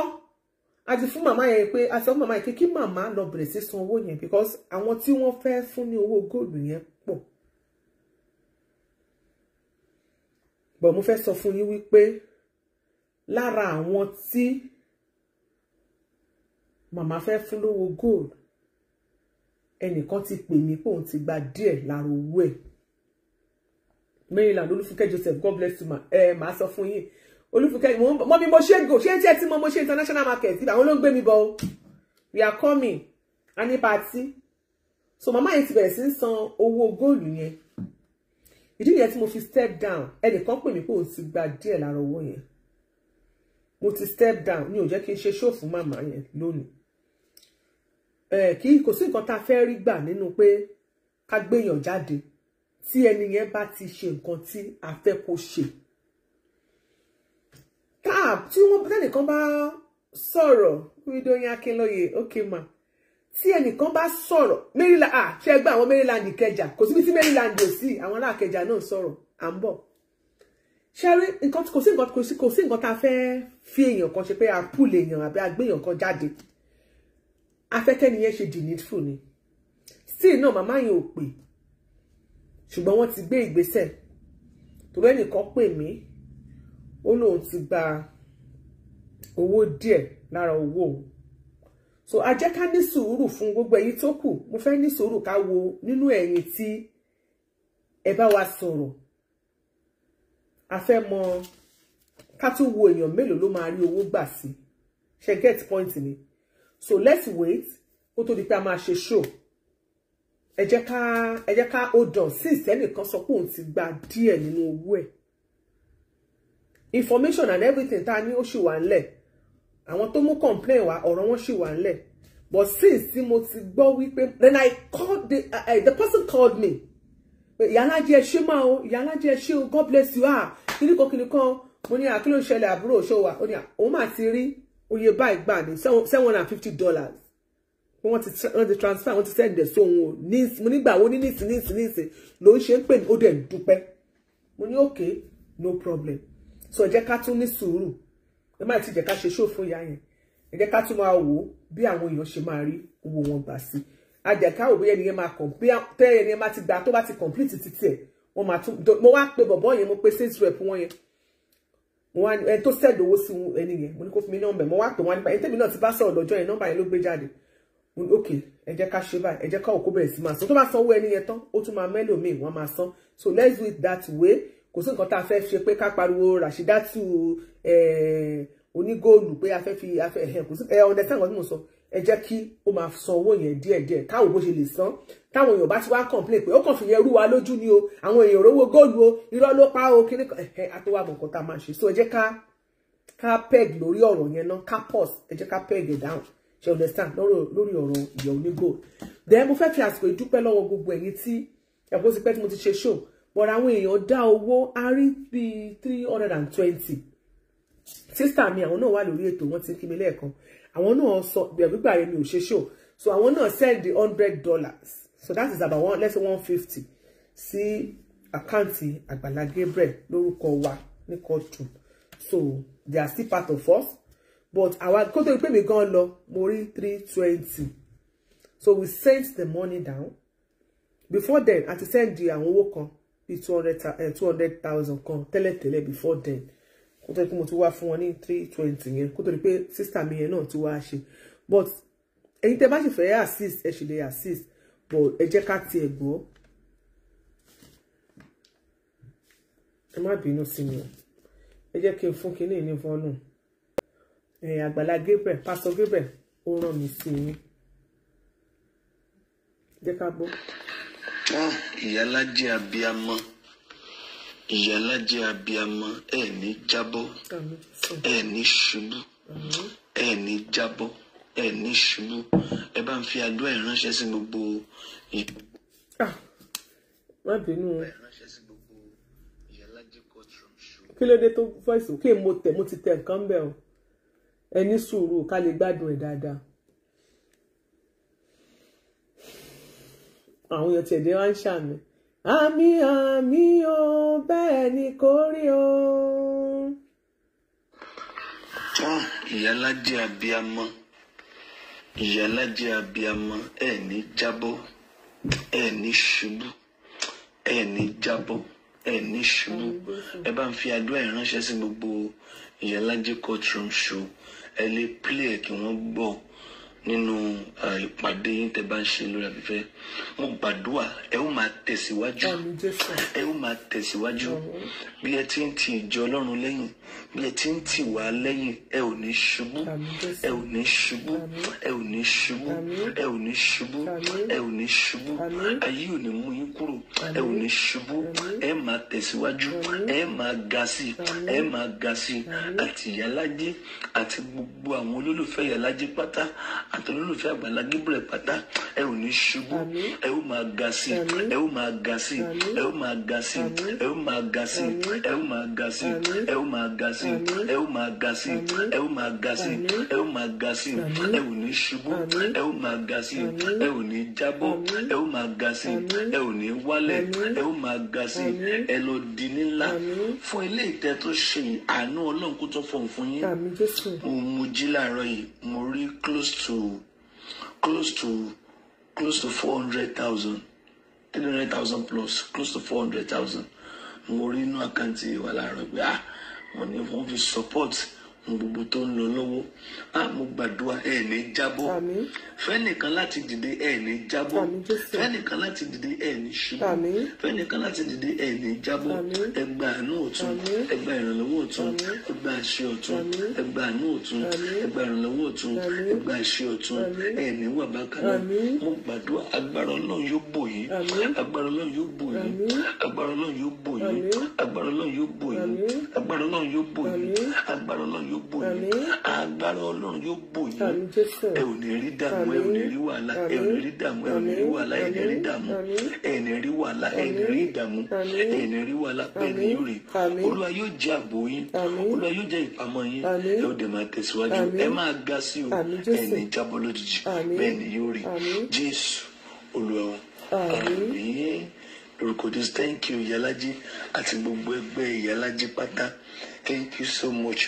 a ti fún màmá yẹn pé a ti sọ fún màmá yẹn pé kí màmá lọ bẹ̀rẹ̀ sí san owó yẹn because àwọn tí wọ́n fẹ́ fún ní owó góòlù yẹn pọ̀ bọ̀ mo fẹ́ sọ fún yín wípé lára àwọn tí màmá fẹ́ fún lówó góòlù ẹnìkan ti pè mí pé òun ti gba díẹ̀ lára owó ẹ̀ Maryland Olúfúnkẹ́ Joseph God bless you ma ẹ eh, màá sọ fún yín olúfikẹ́ mọ́ mi mo ṣe go ṣé tí ẹ ti mọ mo ṣe international market ibà àwọn ló ń gbé mi bọ̀ o we are coming a party so mama yẹn ti bẹ̀rẹ̀ sí ń san owó góòlù yẹn ìdí nìyẹn tí mo fi step down ẹnìkan pè mí pé òun ti gba díẹ̀ lára owó yẹn mo ti step down mi ò jẹ́ kí n ṣe show fún màmá yẹn lónìí kí kò sí nǹkan tá a fẹ́ rí gbà nínú pé ká gbéyàn jáde tí ẹni yẹn bá ti ṣe nǹkan tí a fẹ́ kó ṣe tab tí wọ́n tẹ́nìkan bá sọ̀rọ̀ Ìdòyìn Akínlóye ókè mà tí ẹnìkan bá sọ̀rọ̀ Maryland ah ṣe gbọ́ àwọn Maryland Ìkẹjà kò síbi tí Maryland ò sí àwọn ará Ìkẹjà náà sọ̀rọ̀ à ń bọ̀ ṣẹ́rí nǹkan kò sí nǹkan kò sí kò sí nǹkan tá a fẹ́ fi èèyàn kan ṣe pé a pùl èèyàn àbí a gbé èèyàn kan jáde afẹ́kẹ́ni yẹn ṣe dìnífù ni still náà màmá yẹn ò pè ṣùgbọ́n wọ́n ti gbé ìgbésẹ̀ torí ẹnìkan pè mí ó lóun ti gba owó díẹ̀ lára owó òun so a jẹ́ ká ní sùúrù fún gbogbo èyí tó kù mo fẹ́ ní sùúrù ká wo nínú ẹ̀yin tí ẹ bá wa sọ̀rọ̀ a fẹ́ mọ ká tún wo èèyàn mélòó ló máa rí owó gbà sí ṣe get point ni so let's wait kó tó di pé a máa ṣe show ẹ jẹ́ ká ẹ jẹ́ ká hold on sí ìsẹ́nìkan sọ pé òun ti gba díẹ̀ nínú owó ẹ̀ information and everything tá a ní ó ṣì wà ńlẹ̀ àwọn tó mú complain wá ọ̀rọ̀ wọn ṣì wà ńlẹ̀ but since tí mo ti gbọ́ wípé then I called the uh, the person called me pé ìyálájẹ ṣé ma o ìyálájẹ ṣé o God bless you ah kíníkan kíníkan mo ní àkílò ah, ìṣẹ̀lẹ̀ àbúrò ṣọwà ó ní ah, òun máa ti rí oye báyìí gbà ní seven hundred and fifty dollars wọ́n ti wọ́n the transfer want to send ẹ̀ sóhun ni mo nígbà wo ní nísìnyìí nísìnyìí ló ń ṣe ń pè ní ó dẹ̀ ń dúpẹ́ mo ní okay no problem so ẹ jẹ́ ká tún ní sùúrù ẹ má ti jẹ́ ká ṣe ṣó fún ìyá yẹn ẹ jẹ́ ká tún máa wò ó bí àwọn èèyàn ṣe máa rí owó wọn gbà sí àjẹká òbí ẹni yẹn máa kàn bí tẹ ẹni yẹn máa ti gbà tó bá ti complete títí ẹ wọn máa tún mo wá pe bọ̀bọ̀ yẹn mo pe sales rep wọn yẹn wọn ẹni tó sẹ́ẹ̀dì sí ẹni yẹn mo ní kó fún mi nọ́mbà mo wá pè wọn nípa ẹni tẹ́mi náà ti bá sọ̀rọ̀ lọ́jọ́ yẹn nọ́mbà yẹn ló gbé jáde ok ẹ jẹ́ ká ṣe báyìí ẹ jẹ́ ká òkú bẹ̀rẹ̀ sí máa san tó bá sanwó ẹni yẹn tán ó tún máa mẹ́lòmíì wọ́n máa san so let's do it that way kò sí nǹkan tá a fẹ́ ṣe pé ká pariwo Rashidatu onígóòlù pé a fẹ́ fi kò sí ẹ understand nǹkan tí mo sọ ẹ jẹ́ kí ó máa san owó yẹn díẹ̀díẹ̀ káwò bó ṣe lè san táwọn èèyàn bá ti wá complain pé ó kàn fi yẹn rú wa lójú ni o àwọn èèyàn rówó góòlù o irọ́ ló pa o kíní kan ẹ̀hẹ́ àtọwà mọ̀ tá a máa ṣe so ẹ jẹ́ ká ká peg lórí ọ̀rọ̀ yẹn náà ká pause ẹ jẹ́ ká peg it down ṣe understand lórí ọ̀rọ̀ ìyẹ̀ onígóòlù then mo fẹ́ fi àsìkò ìdúpẹ́ lọ́wọ́ gbogbo ẹ̀yin tí ẹ̀kọ́ ti pẹ́ tí mo ti ṣe show but àwọn èèyàn dá owó a rí bíi three hundred and twenty sísítà mi àwọn náà wà lórí ètò wọn ti ń kí mi lẹ́ẹ̀kan àwọn náà sọ gbígbà rẹ mi ò ṣe ṣò so àwọn náà send the hundred dollars so that is about one let's say one fifty sí àkáǹtì Àgbàlá Gabriel lórúkọ wa ní kọ́tù so they are still part of us but àwa kó tó pè mí gan lọ mo rí three twenty so we sent the money down before then I ti send the àwọn owó kan bíi two hundred eh, two hundred thousand kan tẹ́lẹ̀tẹ́lẹ̀ before then kó tó pé mo ti wá fún wọn ní three twenty yẹn kó tó di pé sísà mi yẹn náà ti wá ṣe but ẹ̀yin tẹ́ bá sì fẹ́ assist ẹ sì lè assist but ẹ jẹ́ ká tiẹ̀ gbọ́ ẹ má bínú sí mi o ẹ jẹ́ kí n fún kinní ní fọ́nù eh, àgbàlá Gabriel pásọ Gabriel ó rán mi sí i jẹ́ ká gbọ́ tán ìyálájẹ abiyamọ ìyálájẹ abiyamọ ẹ ní jábọ́ ẹ ní ṣubú ẹ ní jábọ́ ẹ ní ṣubú ẹ bá ń fi àdúrà ìránṣẹ́ sí gbogbo. Ah, má bínú o kí ló dé tó voice òkè mo tẹ mo ti tẹ nǹkan bẹ́ẹ̀ o ẹ ní sùúrù ká lè gbádùn ẹ̀ dáadáa. àwọn èèyàn tiẹ̀ dé wá ń ṣàmì àmì àmì o bẹ́ẹ̀ ni kò rí o. tán ìyálàjẹ abiyamọ ìyálàjẹ abiyamọ ẹ ní jábọ́ ẹ ní ṣubú ẹ ní jábọ́ ẹ ní ṣubú ẹ bá ń fi àdúrà ìránṣẹ́ sí gbogbo ìyálàjẹ courtroom show ẹ lè play kí wọ́n gbọ́ nínú ìpàdé yín tẹ́ bá ń ṣe lórí abẹ́fẹ́ mo gbàdúrà ẹ ó máa tẹ̀síwájú ẹ ó máa tẹ̀síwájú bí ẹ ti ń ti ìjọ Ọlọ́run lẹ́yìn bí ẹ ti ń tì wá lẹ́yìn ẹ ò ní ṣubú ẹ ò ní ṣubú ẹ ò ní ṣubú ẹ ò ní ṣubú ẹ ò ní ṣubú ayé ò ní mú yín kúrò ẹ ò ní ṣubú ẹ máa tẹ̀síwájú ẹ máa ga sí ẹ máa ga sí àti ìyálájé àti gbogbo àwọn olólùfẹ́ ìyálájé pátá àtọ́lólùfẹ́ àgbàlá Gabriel pátá ẹ ò ní ṣubú ẹ ó máa ga sí ẹ ó máa ga sí ẹ ó máa ga sí ẹ ó máa ga sí ẹ ó máa ga sí ẹ ó máa ga sí ẹ ó máa ga sí ẹ ó máa ga sí ẹ ó máa ga sí ẹ ò ní ṣubú ẹ ó máa ga sí ẹ ò ní jábọ́ ẹ ó máa ga sí ẹ ò ní wálẹ̀ ẹ ó máa ga sí ẹ lọ di nílá fún ilé ìtẹ́ tó ṣe àánú ọlọ́run kó tó fọ̀ fún yín mo jí láàárọ̀ yìí mo rí close to close to close to four hundred thousand three hundred thousand plus close to four hundred thousand mo rí inú àkáǹtì wà láàárọ̀ pé ah wọ́n ní wọ́n fi support ohun gbogbo tó ń lọ lọ́wọ́ Ah, mo gbàdúrà ẹ ní jábọ́ fẹ́nìkan láti dìde ẹ ní jábọ́ fẹ́nìkan láti dìde ẹ ní ṣubú fẹ́nìkan láti dìde ẹ ní jábọ́ ẹgbà àánú ọ̀tún ẹgbà ìrànlọ́wọ́ ọ̀tún ẹgbà àṣẹ ọ̀tún ẹgbà àánú ọ̀tún ẹgbà ìrànlọ́wọ́ ọ̀tún ẹgbà àṣẹ ọ̀tún ẹ ní wà bákan náà mo gbàdúrà agbára Ọlọ́run yóò bò yín agbára Ọlọ́run yóò bò yín agbára Ọlọ́run yóò bò yín agbára Ọlọ́run yóò bò yín agbára Ọlọ́run yóò bò yín agbára Ọlọ́run yóò bò yín agbára Ọlọ́run ọlọ́run yóò bò yín ẹ ò ní rí dààmú ẹ ò ní rí wàhálà ẹ ò ní rí dààmú ẹ ò ní rí wàhálà ẹ ò ní rí dààmú ẹ ò ní rí wàhálà ẹ ò ní rí dààmú ẹ ò ní rí wàhálà bẹ́ẹ̀ ni yóò rí olúwa yóò jẹ́ ààbò yín olúwa yóò jẹ́ ìpamọ́ yín ẹ ò dẹ̀ máa tẹ̀síwájú ẹ máa ga sí o ẹ ní jábọ́ lójijì bẹ́ẹ̀ ni yóò rí jésù olúwa wọn àmín lórúkọ jésù thank you ìyálájí àti gbogbo ẹgbẹ́ ìyálájí pátá thank you so much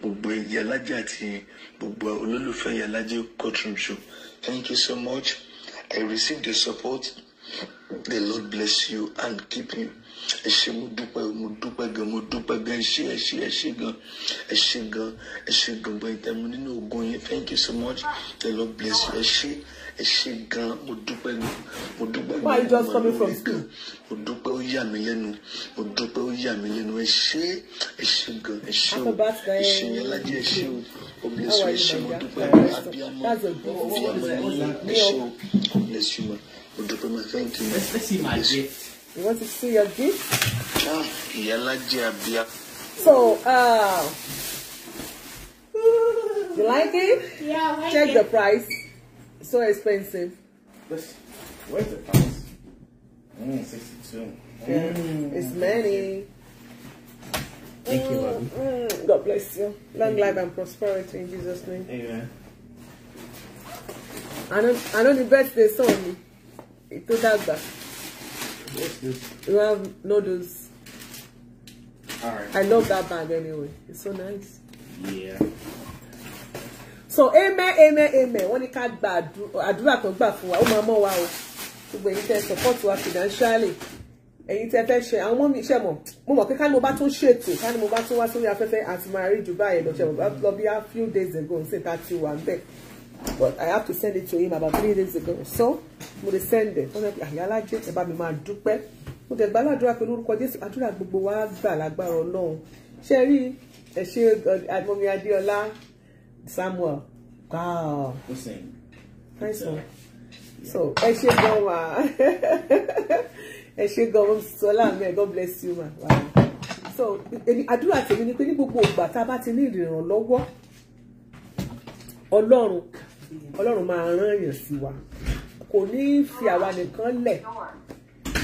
gbogbo Iyalaje àti gbogbo olólùfẹ́ Iyalaje courtroom show thank you so much I received the support the Lord bless you and keep you. Ese moudoupe, moudoupe gen, moudoupe gen. Ese, ese, ese gen, ese gen. Ese, moun bayitè moun, in nou gounye. Thank you so much. Lord bless you. Ese, ese gen, moudoupe gen, moudoupe gen. Why are you just coming from school? Moudoupe ouye ame yen ou. Moudoupe ouye ame yen ou. Ese, ese gen, ese ou. Ese yelaje ese ou. O bless you ese ou. Moudoupe ouye ame gen. O bless you ma. Moudoupe mwakante. Ese yelaje ese ou. You want to see your gift? So, uh, you like it? Yeah, I like Check it. the price. so expensive. This, where's the price? Mm, 62. Yeah, mm. It's mm, many. Thank you, mm, mm, God bless you. Long life and prosperity in Jesus' name. Amen. I know, I know the best they saw me. It took that back. What's this? noodles. Alright. I love that bag anyway. It's so nice. Yeah. So amen, amen, amen. When ní ká gba I do that on wa, ó máa mama. wa o. Gbogbo èyí tẹ́ support wa financially. Èyí tẹ́ fẹ́ ṣe, I'm on iṣẹ́ mọ̀. Mo mọ̀ pé ká ní mo bá tún ṣètò, ká ní mo bá tún wá sórí afẹ́fẹ́ àti máa rí jù báyìí lọ ṣe mọ̀. Lọ bí a few days ago, ṣe ta you. wà ń but I have to send it to him about three days ago so mo dey send it ọ̀nà àyálájẹ́ ẹ bá mi máa dúpẹ́ mo tẹ̀ gbàládùra pé lórúkọ Jésù àdúrà gbogbo wa gbà lágbára Ọlọ́run ṣe rí ẹ ṣe àgbọ̀nmi Adéọlá Samuel wow nice one so ẹ ṣe gan wa ẹ ṣe gan wa sọlá mẹ God bless you ma wow so àdúrà tèmi ni pé ní gbogbo ìgbà tá a bá ti ní ìrànlọ́wọ́ ọlọ́run ọlọ́run máa rán èèyàn sí wa kò ní í fi àwa nìkan lẹ̀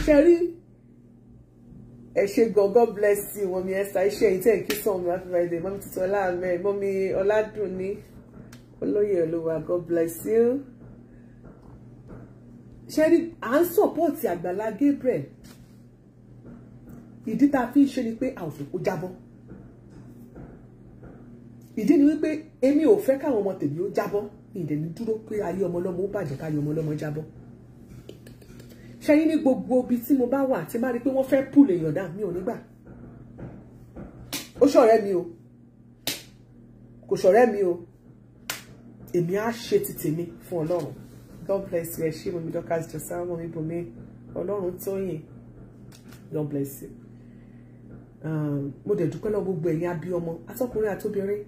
ṣe rí ẹ ṣe gan god bless you mọ̀mí ẹ̀sà iṣẹ́ yìí tẹ̀ kí sọ̀rọ̀ mi happy birthday mọ̀mí tuntun ọláàmẹ́ mọ̀mí ọládùnní olóyè olúwa god bless you ṣe rí à ń sọ̀pọ̀tì àgbàlá Gabriel ìdí tá a fi ń ṣe ni pé a ò fẹ́ jábọ́ ìdí ni wípé èmi ò fẹ́ káwọn ọmọ tèmi ó jábọ́ mi ìdẹ̀ ní dúró pé ayé ọmọ ọlọ́mọ ó bàjẹ́ káyé ọmọ ọlọ́mọ jábọ́ ṣẹyìn ní gbogbo ibi tí mo bá wà tí má rí pé wọ́n fẹ́ pùl èèyàn dá mi ò nígbà ó ṣọ̀rẹ́ mi o kò ṣọ̀rẹ́ mi o èmi á ṣe ti tèmi fún ọlọ́run God bless you ẹ ṣé mọ̀mí Dorcas Josanne mọ̀mí Bùnmi ọlọ́run Tóyìn God bless you um, mo dẹ̀ dúpẹ́ lọ́wọ́ gbogbo ẹ̀yin abiyọmọ atọ́kùnrin àtobìnrin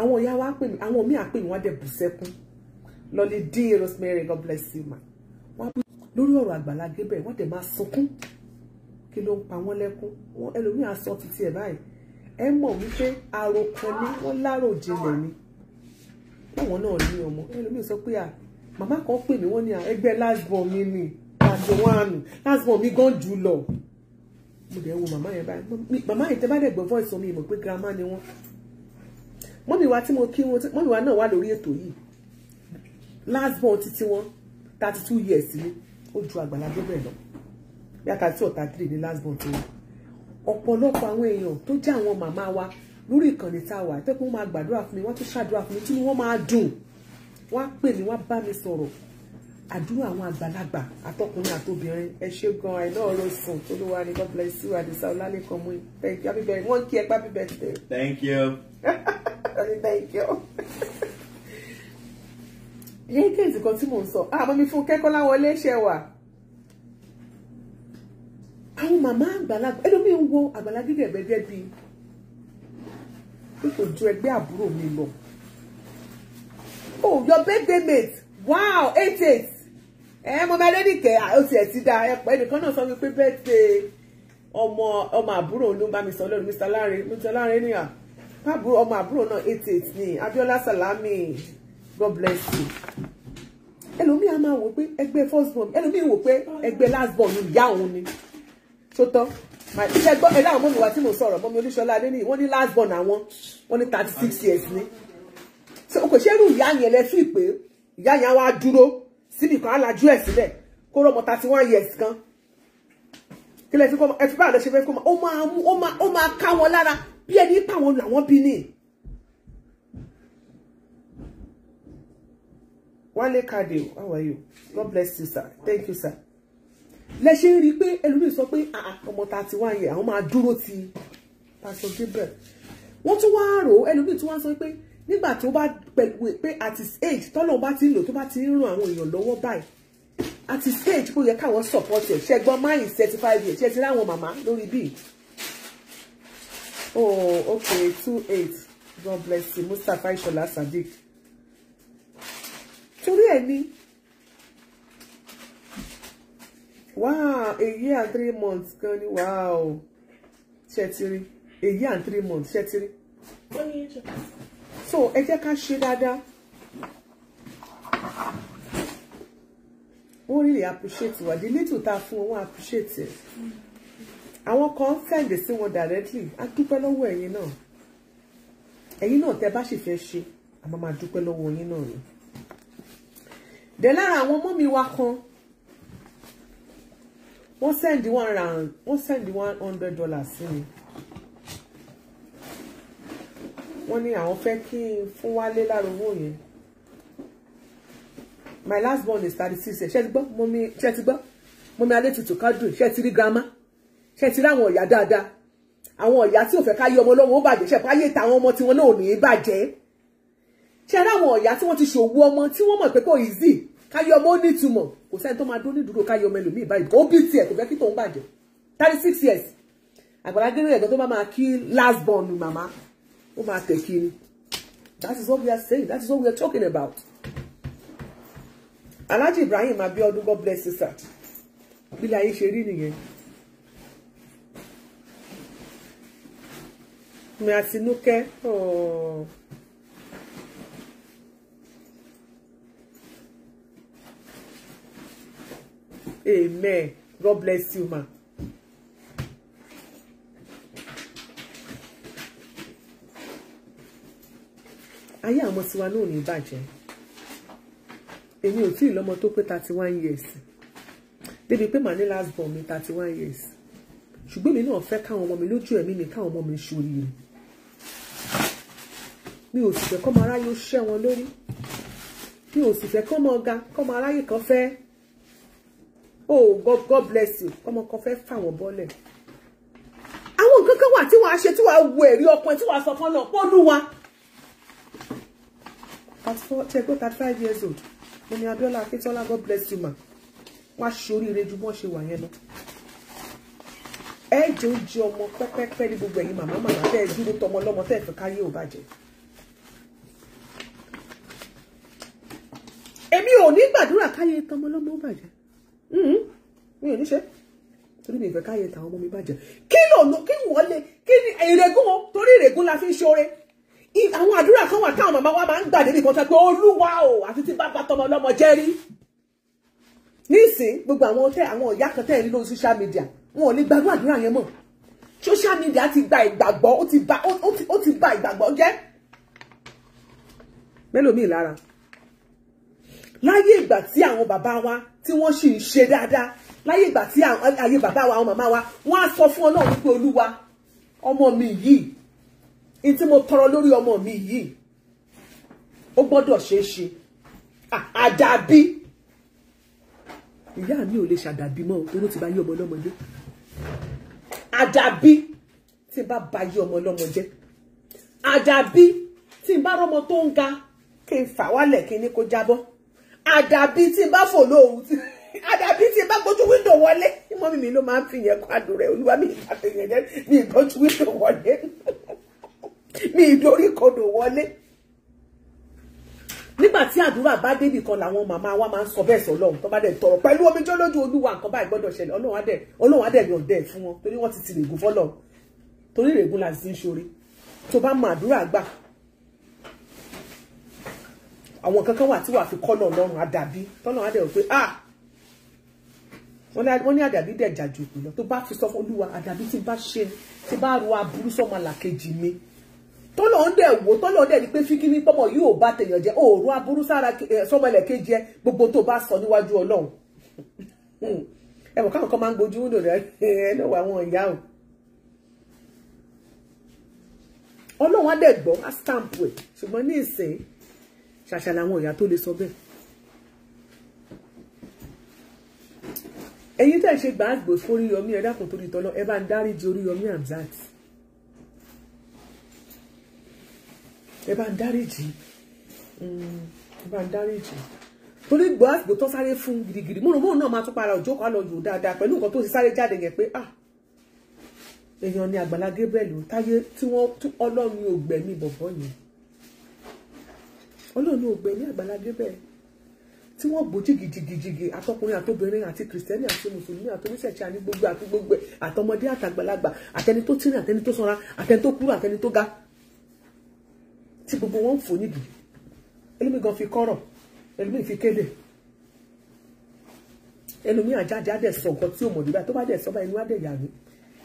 àwọn ìyá wa ń pè mí àwọn míì àpè mí wọ́n á dẹ̀ bù sẹ́kún lọ́lẹ̀ dé Rosemary God bless you ma wọ́n á pè lórí ọ̀rọ̀ Àgbàlá Gabriel wọ́n dẹ̀ máa sunkún kí ló ń pa wọ́n lẹ́kún wọ́n ẹlòmíì á sọ títí ẹ̀ báyìí ẹ mọ̀ wípé àròkàn ni wọ́n lárò jinlẹ̀ ni báwọn náà ní ọmọ ẹlòmíì sọ pé à màmá kan pè mí wọ́n ní ẹgbẹ́ lásbọ̀n mi ni àti wánu lásbọ̀n mi gan jù lọ mo dẹ̀ wo màmá yẹn báyìí màmá yẹn tẹ́ bá dẹ̀ gbọ́ voice mi mọ̀ pé girama ni wọ́n mọ́mì wa tí mo kí wọn mọ́mì wa náà wà lórí ètò yìí last born títí wọn thirty two years ni ó ju àgbàlagbé bẹ́ẹ̀ lọ bí a thirty two thirty three ni last born tiwọn ọ̀pọ̀lọpọ̀ àwọn èèyàn tó jẹ́ àwọn màmá wa lórí ìkànnì tá a wà tẹ́ pé wọ́n máa gbàdúrà fún mi wọ́n tún ṣàdúrà fún mi tí wọ́n máa dùn wọ́n á pè mí wọ́n á bá mi sọ̀rọ̀ àdúrà àwọn àgbàlagbà àtọkùnrin àtobìnrin ẹ ṣe gan ẹ náà ló sùn olúwa ni god bless you àdìsá ọlálẹ́kan mú ẹ thank you happy birthday wọ́n kí ẹ pa happy birthday. thank you thank you. yẹ́n kéèsì kan tí mò ń sọ àmọ́ ah, mi fún kẹ́kọ́ láwọn iléeṣẹ́ wa àwọn màmá àgbàlagbà ẹlòmíín wo àgbàlá gígẹ̀ gẹ́gẹ́ bíi pé kò ju ẹgbẹ́ àbúrò mi lọ oh your birthday mate wow eight eight ẹ mo bá lẹ́nìkẹ́ ó tiẹ̀ ti dáa ẹ pẹ́ ẹnìkan náà sọ wípé birthday ọmọ ọmọ àbúrò ló ń bá mi sọ lọ́rùn Mr. Lanre Mr. Lanre nìyà pàbúrò ọmọ àbúrò náà eight eight ni Abiola Salami God bless you ẹlòmíì a máa wò pé ẹgbẹ́ first born ẹlòmíì wò pé ẹgbẹ́ last born ni ìyá òun ni sótọ́ ilé ẹgbọ́n ẹ̀rọ àwọn mọ́mi wa tí mo sọ̀rọ̀ mọ́mi Olúṣọlá Adéníyì wọ́n ní last born àwọn wọ́n ní thirty six years ni so kò ṣe é rú ìyá yẹn lẹ fi pé ìyá yẹn wá dúró síbi kan á lajú ẹ̀ sílẹ̀ kó rọ́mọ thirty one years kan kí lẹ fi kọ́ ẹ fi báyọ̀ lọ ṣe fẹ́ kọ́ ọ máa mú ọ máa ká lára bí ẹni pa àwọn làwọn bí ní. Wálé Kade o how are you God bless you sir thank you sir. lẹ ṣe ń rí i pé ẹlòmíì sọ pé ah, ah, ọmọ ta ti wá yẹ àwọn máa dúró ti Pastor Gabriel wọ́n tún wá rò ó ẹlòmíì tún wá sọ pé nígbà tó bá pẹ̀lú pé at his age tọ́lọ̀ bá ti ń lò tó bá ti ń ran àwọn èèyàn lọ́wọ́ báyìí at his age kò yẹ káwọn support ẹ̀ ṣẹgbọ́n máyì thirty five years ṣe ti ráwọn màmá lórí bíi oh okay two eight god bless you mustapha ishola sadiq torí ẹ ní wow a year and three months kan wow ṣe ti a year and three months ṣe ti so ẹ jẹ́ ká ṣe dáadáa wọ́n really appreciate you. the little ta fún wọn appreciate it. Mm -hmm àwọn kan sẹ̀ǹdẹ̀ sí wọn directly á dúpẹ́ lọ́wọ́ ẹ̀yin náà ẹ̀yin náà tẹ́ bá sì fẹ́ ṣe a máa dúpẹ́ lọ́wọ́ yín náà ni dẹ̀ lára àwọn ọmọ mi wa kan wọ́n sẹ́ndì one round wọ́n sẹ́ndì one hundred dollars sí mi wọ́n ní àwọn fẹ́ kí n fún Wálé lára owó yẹn my last born is thirty six ẹ̀ ṣe ti gbọ́ mọ́mí ṣe ti gbọ́ mọ́mí alẹ́ tutù kádùn ṣe ti rí grandma ṣe ti ráwọn ọ̀yà dáadáa àwọn ọ̀yà tí ò fẹ́ káyé ọmọ lọ́wọ́ ó bàjẹ́ ṣe káyé tàwọn ọmọ tiwọn náà ò ní í bàjẹ́ ṣe ráwọn ọ̀yà tí wọ́n ti ṣòwò ọmọ tí wọ́n mọ̀ pé kò easy káyé ọmọ ó nítumọ̀ kò sẹ́ni tó máa dún nídúró káyé ọmọ ẹlòmíì báyìí kò bí tiẹ̀ kò fẹ́ kí tòun bàjẹ́ thirty six years àgbàlá gẹ́gẹ́ ẹ̀gbọ́n tó máa kí last born màmá ó máa tẹ̀ kí ni that is what we are saying that is what we are talking about Alhaji Ibrahim Abiodun God bless you sir bí ilé ayé ṣe rí nìyẹn mi àti núkẹ́ amen god bless you ma. ayé àwọn tiwa náà ò ní bàjẹ́ èmi ò tí ì lọ́mọ tó pé thirty one years débi pé màá ní last born mi thirty one years ṣùgbọ́n èmi náà fẹ́ káwọn ọmọ mi lójú ẹ̀mí mi káwọn ọmọ mi ṣoríire mi ò sì fẹ́ kọ́ mọ aráyé ó ṣẹ́ wọn lórí mi ò sì fẹ́ kọ́ mọ ọ̀gá kọ́ mọ aráyé kan fẹ́ oh God God bless you ọmọ kan fẹ́ fà wọ́n bọ́lẹ̀ àwọn nǹkan kan wà tí wàá ṣe tí wàá wo ẹ̀rí ọkùnrin tí wàá sọ fọ́nà pọ́lúwa tẹgbẹ́ thirty five years old mo ní Abíọ́lá Akíntọ́lá God bless you ma wá ṣoríire ju bọ́n ṣe wà yẹn lọ ẹ jẹ́ ó jẹ́ ọmọ pẹ́pẹ́pẹ́ ní gbogbo ẹ̀yin màmá màmá tẹ́ ẹ dúró tọmọ lọ́mọ tẹ́ ẹ fẹ́ káyé ò bàjẹ́. èmi ò ní gbàdúrà káyé tọmọlọmọ bàjẹ́ mm-hmm. mi ò ní ṣe torí mi ìfẹ́ káyé tàwọn ọmọ mi bàjẹ́ kí lòlò kí wọlé kí ni ìrègùn wọn torí ìrègùn la fi ń ṣoore àwọn àdúrà kan wà táwọn màmá wa máa ń gbà débi kan sọ pé olúwa o àti tí bàbá tọmọlọmọ jẹ́ rí nísìn gbogbo àwọn tẹ àwọn ìyá kan tẹ̀ ń lo social media wọn ò lè gbàgbọ́ àdúrà yẹn mọ́ social media ti gba ìgbàgbọ́ ó ti ba ìgbàgbọ́ jẹ́ mélòó mi lára láyé ìgbà tí àwọn bàbá wa tí wọ́n sì ń ṣe dáadáa láyé ìgbà tí ayé bàbá wa àwọn màmá wa wọ́n á sọ fún ọlọ́run pé olúwa ọmọ mi yìí ní tí mo tọrọ lórí ọmọ mi yìí ó gbọ́dọ̀ ṣeé ṣe àdàbí ìyá mi ò lè ṣàdàbí mọ́ torí ti bá yé ọmọ ọlọ́mọdé àdàbí tí n bá ba yé ọmọ ọlọ́mọ jẹ́ àdàbí tí n bá rọ́mọ tó ń ga kí n fà wálẹ̀ kí n ní kó jábọ́ àdàbí tí bá fò lóhùn tí àdàbí tí bá gbójú wíńdò wọlé mọ́mí mi ló máa ń fi yẹn kwádùn rẹ̀ olúwa mi ìtàtẹ̀yẹ̀ jẹ́ mi ìgbójú wíńdò wọlé mi ìdorí kodò wọlé nígbà tí àdúrà bá débì kan làwọn màmá wa máa ń sọ bẹ́ẹ̀ sọ lọ́hùn tó bá dẹ̀ tọrọ pẹ̀lú omi jó lójú olúwa nǹkan báyìí gbọ́dọ̀ ṣẹlẹ̀ ọlọ́run adẹ̀ ọlọ́run adẹ̀ yọ̀ dẹ̀ fún wọn torí wọ́n ti tìrègùn fọ́lọ́run torí ìrègùn làzí ń ṣoore tó bá mọ àdúrà gbà àwọn kankan wà tí wàá fi kọ́nà ọlọ́run àdàbí tọ́nà á dẹ̀ wò pé ah wọ́n ní àdàbí dẹ̀ jàjù òkú lọ tó bá fi sọ fún olúwa àdàbí tí bá ṣe tí bá ro aburú sọmọ làkejì mi tọ́lọ̀ ń dẹ̀ wò tọ́lọ̀ ń dẹ̀ ni pé fíkíní pọ́mọ̀ yóò bá tèèyàn jẹ́ òòrùn aburú sára eh, sọmọ làkejì ẹ gbogbo tó bá sọ níwájú ọlọ́run ẹ mọ̀ káwọn kan máa ń gbojú wúndò rẹ ẹ lọ́wọ́ àwọn ìyá o ọlọ́run á dẹ̀ gbọ́ á stamp ẹ̀ ṣùgbọ́n ní ìsìn ṣàṣà làwọn ìyá tó lè sọ bẹ́ẹ̀. ẹ̀yin tẹ́ ṣe gbàgbé fóríyọmí ẹ dákun torí tọlọ ẹ bá ń dáríjì Oríyọmí Hamzat ẹ bá ń dáríjì mm, ẹ bá ń dáríjì torí gbàgbé tó sáré fún gidigidi mo rò bóun náà máa tún para òjò kan lọ yòó dáadáa pẹ̀lú nǹkan tó ṣe sáré jáde yẹn pé ah èèyàn ni Àgbàlá Gabriel táyé tí wọ́n Ọlọ́run ò gbẹ̀mí bọ̀bọ̀ yẹn ọlọ́run ló gbẹ ní àgbàlá Gabriel tí wọ́n bò jìgìjìgìjìgì àtọkùnrin àtobìnrin àti kìrìsìtẹ́nì àti mùsùlùmí àtòmísẹ̀tì àní gbogbo àti gbogbo àtọmọdé àtàgbàlagbà àtẹni tó tínrín àtẹni tó sanra àtẹni tó kúrú àtẹni tó ga tí gbogbo wọn ń fò nídìí ẹlòmíì gan fi kọ́rọ̀ ẹlòmíì fi kéde ẹlòmíì àjáde á dẹ̀ sọ nǹkan tí ò mọ̀ nígbà tó bá dẹ̀ sọ bá inú á dẹ̀ yà mí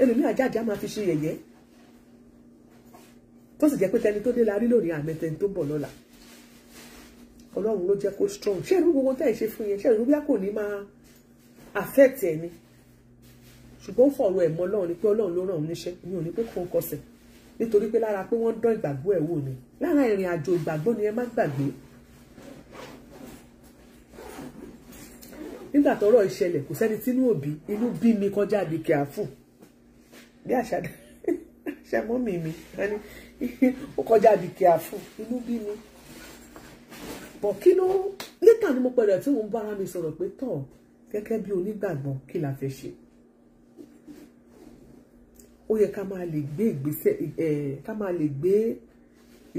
ẹlòmíì àjáde á máa fi ṣe yẹ̀yẹ́ tó sì jẹ́ pé tẹni tó dé la rí lónìí àmẹ́tẹni tó bọ̀ lọ́la ọlọ́run ló jẹ́ kó strong ṣé ìlú gbogbo tẹ̀ ṣe fún yẹn ṣé ìlú bí a kò ní máa affect ẹ̀ ni ṣùgbọ́n ó fọ̀rọ̀ ẹ̀ mọ́ ọlọ́run ni pé ọlọ́run ló ràn òun níṣẹ́ mi ò ní pé kó ń kọsẹ̀ nítorí pé lára pé wọ́n dán ìgbàgbọ́ ẹ̀ wò ni lára ìrìn àjò ìgbàgbọ́ ni ẹ má gbàgbé nígbà tọ́rọ̀ ìṣẹ̀lẹ̀ kò sẹ́ni tínú òbí inú bí mi kọjá àbí kẹàfù bí àṣà ṣẹmọ mi mi ó kọjá àbí kẹàfù inú bí mi bọ̀ kí ló létà ni mo pẹ̀lẹ́ tí mo ń bára mi sọ̀rọ̀ pé tọ̀ gẹ́gẹ́ bí onígbàgbọ́ kí la fẹ́ ṣe ó yẹ ká máa lè gbé ìgbésẹ̀ ẹ ká máa lè gbé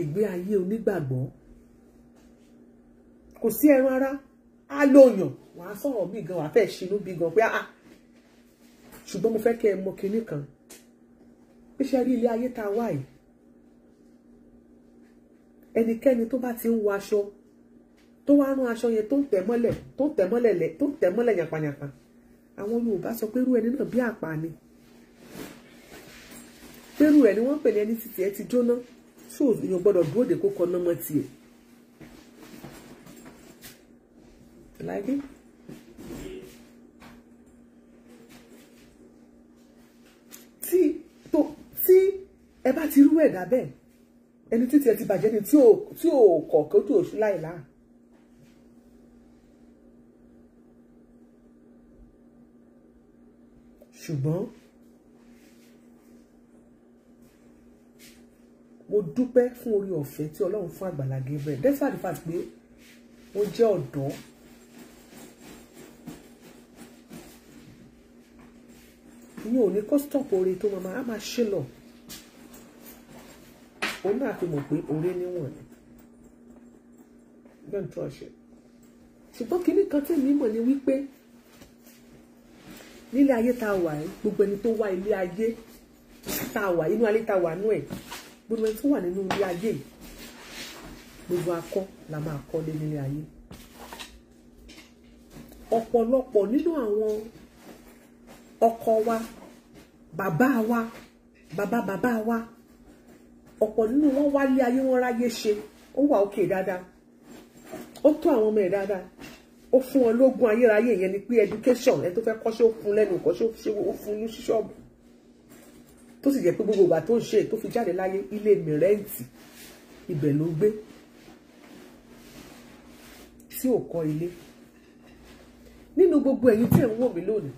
ìgbé ayé onígbàgbọ́ kò sí ẹran ara á lóyàn wàá sọ̀rọ̀ bí gan wàá fẹ́ ṣinú bí gan pé ah, ah ṣùgbọ́n mo fẹ́ kí ẹ mọ kinní kan bí ṣe rí ilé ayé tá a wà yìí ẹnikẹ́ni tó bá ti ń wọ aṣọ tó wá rán aṣọ yẹn tó ń tẹ̀ mọ́lẹ̀ tó ń tẹ̀ mọ́lẹ̀ lẹ̀ tó ń tẹ̀ mọ́lẹ̀ yànpàyànpà àwọn Yorùbá sọ pé irú ẹni náà bí àpá ni pé irú ẹ ni wọ́n pè ní ẹni títí ẹ ti jóná ṣó èèyàn gbọ́dọ̀ dúró de kó kọ nọ́mọ tiẹ̀. Láìpẹ́. tí ẹ bá ti rú ẹ̀dá bẹ́ẹ̀ ẹni títí ẹ ti bàjẹ́ ni tí ò kọ̀ kó tó oṣù láìláà. ṣùgbọ́n mo dúpẹ́ fún orí ọ̀fẹ́ tí Ọlọ́run fún Àgbàlá Gabriel despite the fact pé wọ́n jẹ́ ọ̀dọ́ ìyẹn ò ní kó stop oore tó máa máa ṣe lọ òun náà fi mọ̀ pé oore níwọ̀n ni gbẹ̀ntọ́ ọ̀ṣẹ́ ṣùgbọ́n kinní kan tí mi mọ̀ ni wípé nílé ayé tá a wà yìí gbogbo ẹni tó wá ilé ayé tá a wà inú ayé tá a wà nú ẹ gbogbo ẹni tó wà nínú ilé ayé gbogbo akọ la máa kọ́lé nílé ayé ọ̀pọ̀lọpọ̀ nínú àwọn ọkọ wa bàbá wa bàbá bàbá wa ọ̀pọ̀ nínú wọn wá lé ayé wọn ráyé ṣe ó wà òkè dáadáa ó tó àwọn ọmọ ẹ̀ dáadáa ó fún ọ lógún ayérayé yẹn ni pé education ẹ tó fẹ́ kọ́ṣẹ́ ó fún lẹ́nu kọ́ṣẹ́ ó fún ní ṣíṣọ́ọ̀bù tó sì jẹ́ pé gbogbo ìgbà tó ń ṣe tó fi jáde láyé ilé mi rẹ́ǹtì ibẹ̀ ló gbé tí ò kọ́ ilé nínú gbogbo ẹ̀yin tí ẹ̀ ń wò mí lónìí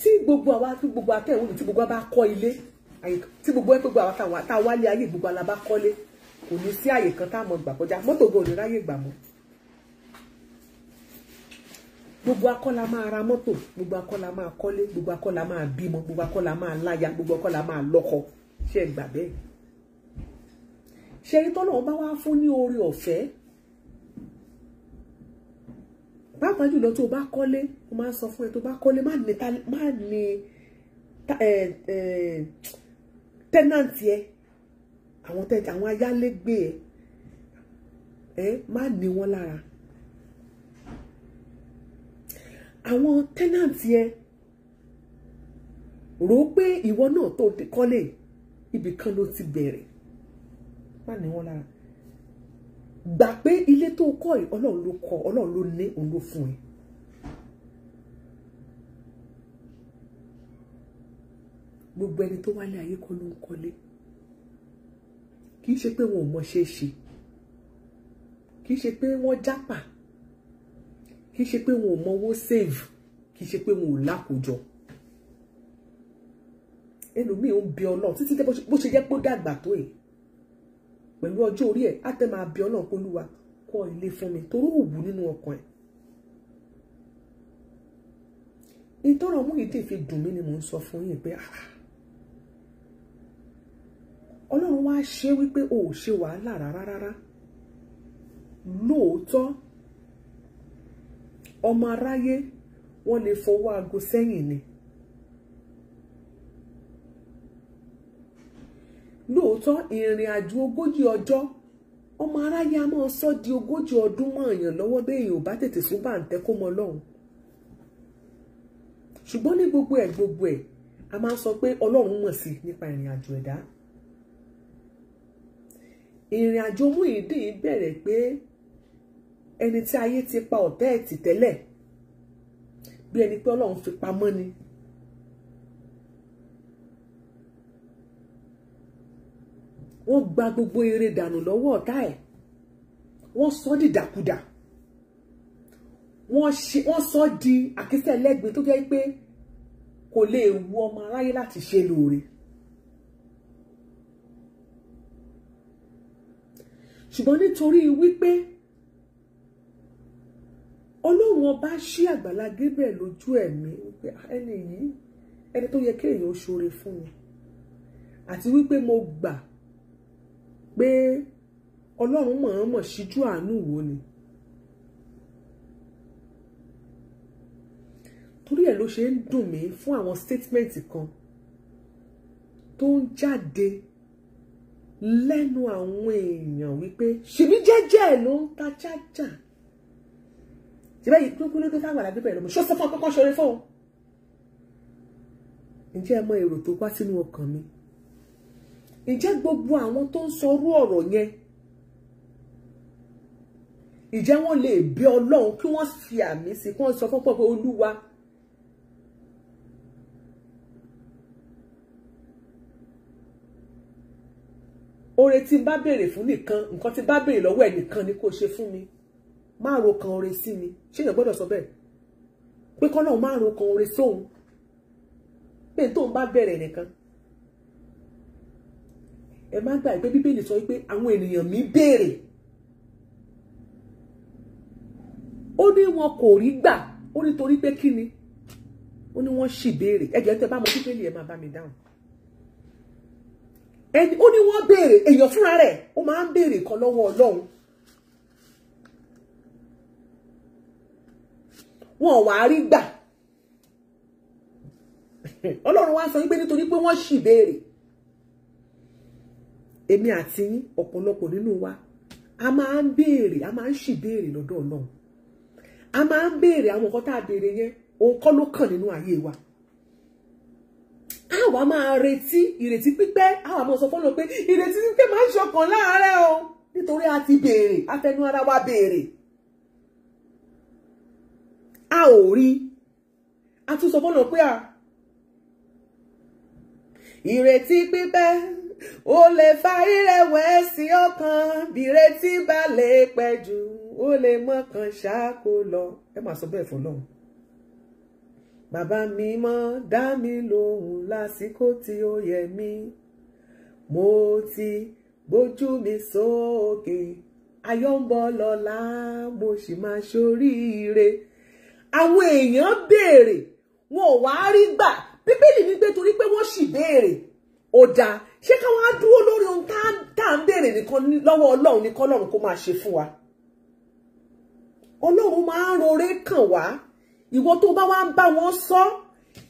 tí gbogbo àwa tí gbogbo àtẹ̀wò tí gbogbo bá kọ́ ilé tí gbogbo ẹ̀ gbogbo àwa táwa lé ayé gbogbo alábá kọ́lé kò ní sí àyè kan táwọn gbà kọjá mọ́tò gbòòrò ráyè gbà mọ́ gbogbo akọ́la máa ra mọ́tò gbogbo akọ́la máa kọ́lé gbogbo akọ́la máa bímọ gbogbo la máa láya gbogbo akọ́la máa lọ́kọ ṣe gbà bẹ́ẹ̀ ṣe ìtọ́lọ̀ bá wá fún ní oore ọ̀fẹ́ pàápàá jùlọ tó o bá kọ́lé mo máa ń sọ fún ẹ tó o bá kọ́lé má ní tẹ́nàntì ẹ àwọn ayálégbé ẹ má ní wọn lára. àwọn tẹ́nàntì ẹ rò ó pé ìwọ náà tó kọ́lé ibì kan ló ti bẹ̀rẹ̀ má ní wọn lára gbà pé ilé tó kọ́ yìí ọlọ́run ló kọ́ ọlọ́run ló ní òun ló fún ẹ. gbogbo ẹni tó wálé ayé kọ́ ló ń kọ́lé kì í ṣe pé wọn ò mọ̀ ṣe é ṣe kì í ṣe pé wọ́n jápa kì í ṣe pé wọn ò mọwó save kì í ṣe pé wọn ò lákòjọ ẹlòmíì ó ń bí ọlọ́run títí bó ṣe jẹ́ pé ó dàgbà tó yìí pẹ̀lú ọjọ́ orí ẹ̀ á tẹ́ máa bí ọlọ́run polúwa kọ́ ilé fún mi torí òwú nínú ọkàn ẹ̀. ìtọ́rọ̀ mú ìdí fi dùn mí ni mò ń sọ fún yín pé ah. ọlọ́run wá ṣe wípé o ò ṣe wàhálà rárá rárá lóòótọ́ ọmọ aráyé wọ́n lè fọwọ́ aago sẹ́yìn ni. lóòótọ́ ìrìn àjò ogójì ọjọ́ ọmọ aráyé a máa sọ di ogójì ọdún mọ́ èèyàn lọ́wọ́ bẹ́ẹ̀ yóò bá tètè sún bá ń tẹ́kọ́ mọ́ lọ́hùn. ṣùgbọ́n ní gbogbo ẹ̀ gbogbo ẹ̀ a máa sọ pé ọlọ́run mọ̀ sí nípa ìrìn àjò ẹ̀dá. ìrìn àjò Muyideen bẹ̀rẹ̀ pé ẹni tí ayé ti pa ọ̀tẹ́ ẹ̀ tì tẹ́lẹ̀ bí ẹni pé ọlọ́run fi pamọ́ ni. wọ́n gba gbogbo eré dànù lọ́wọ́ ọ̀tá ẹ̀ wọ́n sọ ọ́ dìdàkudà wọ́n sọ ọ́ di àkísẹ́ lẹ́gbẹ̀ẹ́ tó jẹ́ pé kò lè wu ọmọ aráyé láti ṣe lóore. ṣùgbọ́n nítorí wípé ọlọ́run ọba ṣí àgbàlá Gabriel lójú ẹ̀mí wípé ah, ẹni yìí ẹni tó yẹ kéèyàn ó ṣoore fún mi àti wípé mo gbà pé ọlọ́run mọ̀ọ́mọ̀ ṣíjú àánú wò ni torí ẹ̀ ló ṣe ń dùn mí fún àwọn statement kan tó ń jáde lẹ́nu àwọn èèyàn wípé ṣèbí jẹ́jẹ́ ló ń ta jájà. ja ṣẹbẹ́ yìí tó kúlé tó sáwọn àlàbí bẹ̀rẹ̀ lọ́mọ ṣó sọ fún akọ́kọ́ ṣoore fún un. ǹjẹ́ ẹ mọ èrò tó wá sínú ọkàn mi ǹjẹ́ gbogbo àwọn tó ń sọrú ọ̀rọ̀ yẹn ǹjẹ́ wọ́n lè bí ọlọ́run kí wọ́n fi àmì sí kí wọ́n sọ fún pọ̀pọ̀ olúwa oore tí n bá béèrè fún nìkan nǹkan tí n bá béèrè lọ́wọ́ ẹ̀ nìkan ni kò ṣe fún mi máa ro kan oore sí ni ṣé èèyàn gbọ́dọ̀ sọ bẹ́ẹ̀ pé kọ́ náà máa ro kan oore sóhun pé tóun bá bẹ̀rẹ̀ nìkan ẹ má gbà pé bíbélì sọ pé àwọn ènìyàn mi béèrè ó ní wọn kò rí gbà ó nítorí pé kí ni ó ní wọ́n sì béèrè ẹ jẹ́ tẹ́ bá mọ bíbélì ẹ máa bá mi dáhùn ẹni ó ní wọ́n béèrè èèyàn fúnra rẹ̀ ó máa ń béèrè kan lọ́wọ́ Ọlọ́run wọn wàá rí gbà ọlọ́run wá sọ wípé nítorí pé wọ́n ṣì béèrè èmi àti yín ọ̀pọ̀lọpọ̀ nínú wa a máa ń béèrè a máa ń ṣì béèrè lọ́dọ̀ náà a máa ń béèrè àwọn nǹkan tá a béèrè yẹn òun kọ́ ló kàn nínú ayé wa a wá máa retí ìrètí pípẹ́ a wá máa sọ fọ́nà pé ìrètí pípẹ́ máa ń ṣọkàn láàárẹ̀ o nítorí a ti béèrè a fẹnu ara wa béèrè a ò rí a tún sọ fọ́nà pé à ìrètí pípẹ́ ó lè fa ìrẹ̀wẹ̀sì ọkàn bìrètí bá lè pẹ́ jù ó lè mọ́kàn ṣáko lọ ẹ máa sọ bẹ́ẹ̀ fọlọ́run bàbá mi mọ́ dá mi lóhùn lásìkò tí ó yẹ mí mo ti gbójú mi sókè ayọ̀ ń bọ̀ lọ́la mo sì máa ṣoríire àwọn èèyàn béèrè wọn ò wá rí gbà bíbélì ní pé torí pé wọ́n sì béèrè ó dáa ṣé káwọn á dúró lórí ohun tá à ń béèrè nìkan lọ́wọ́ ọlọ́run ní kọ́lọ́run kó máa ṣe fún wa ọlọ́run máa ń roré kàn wá ìwọ tó bá wá ń bá wọn sọ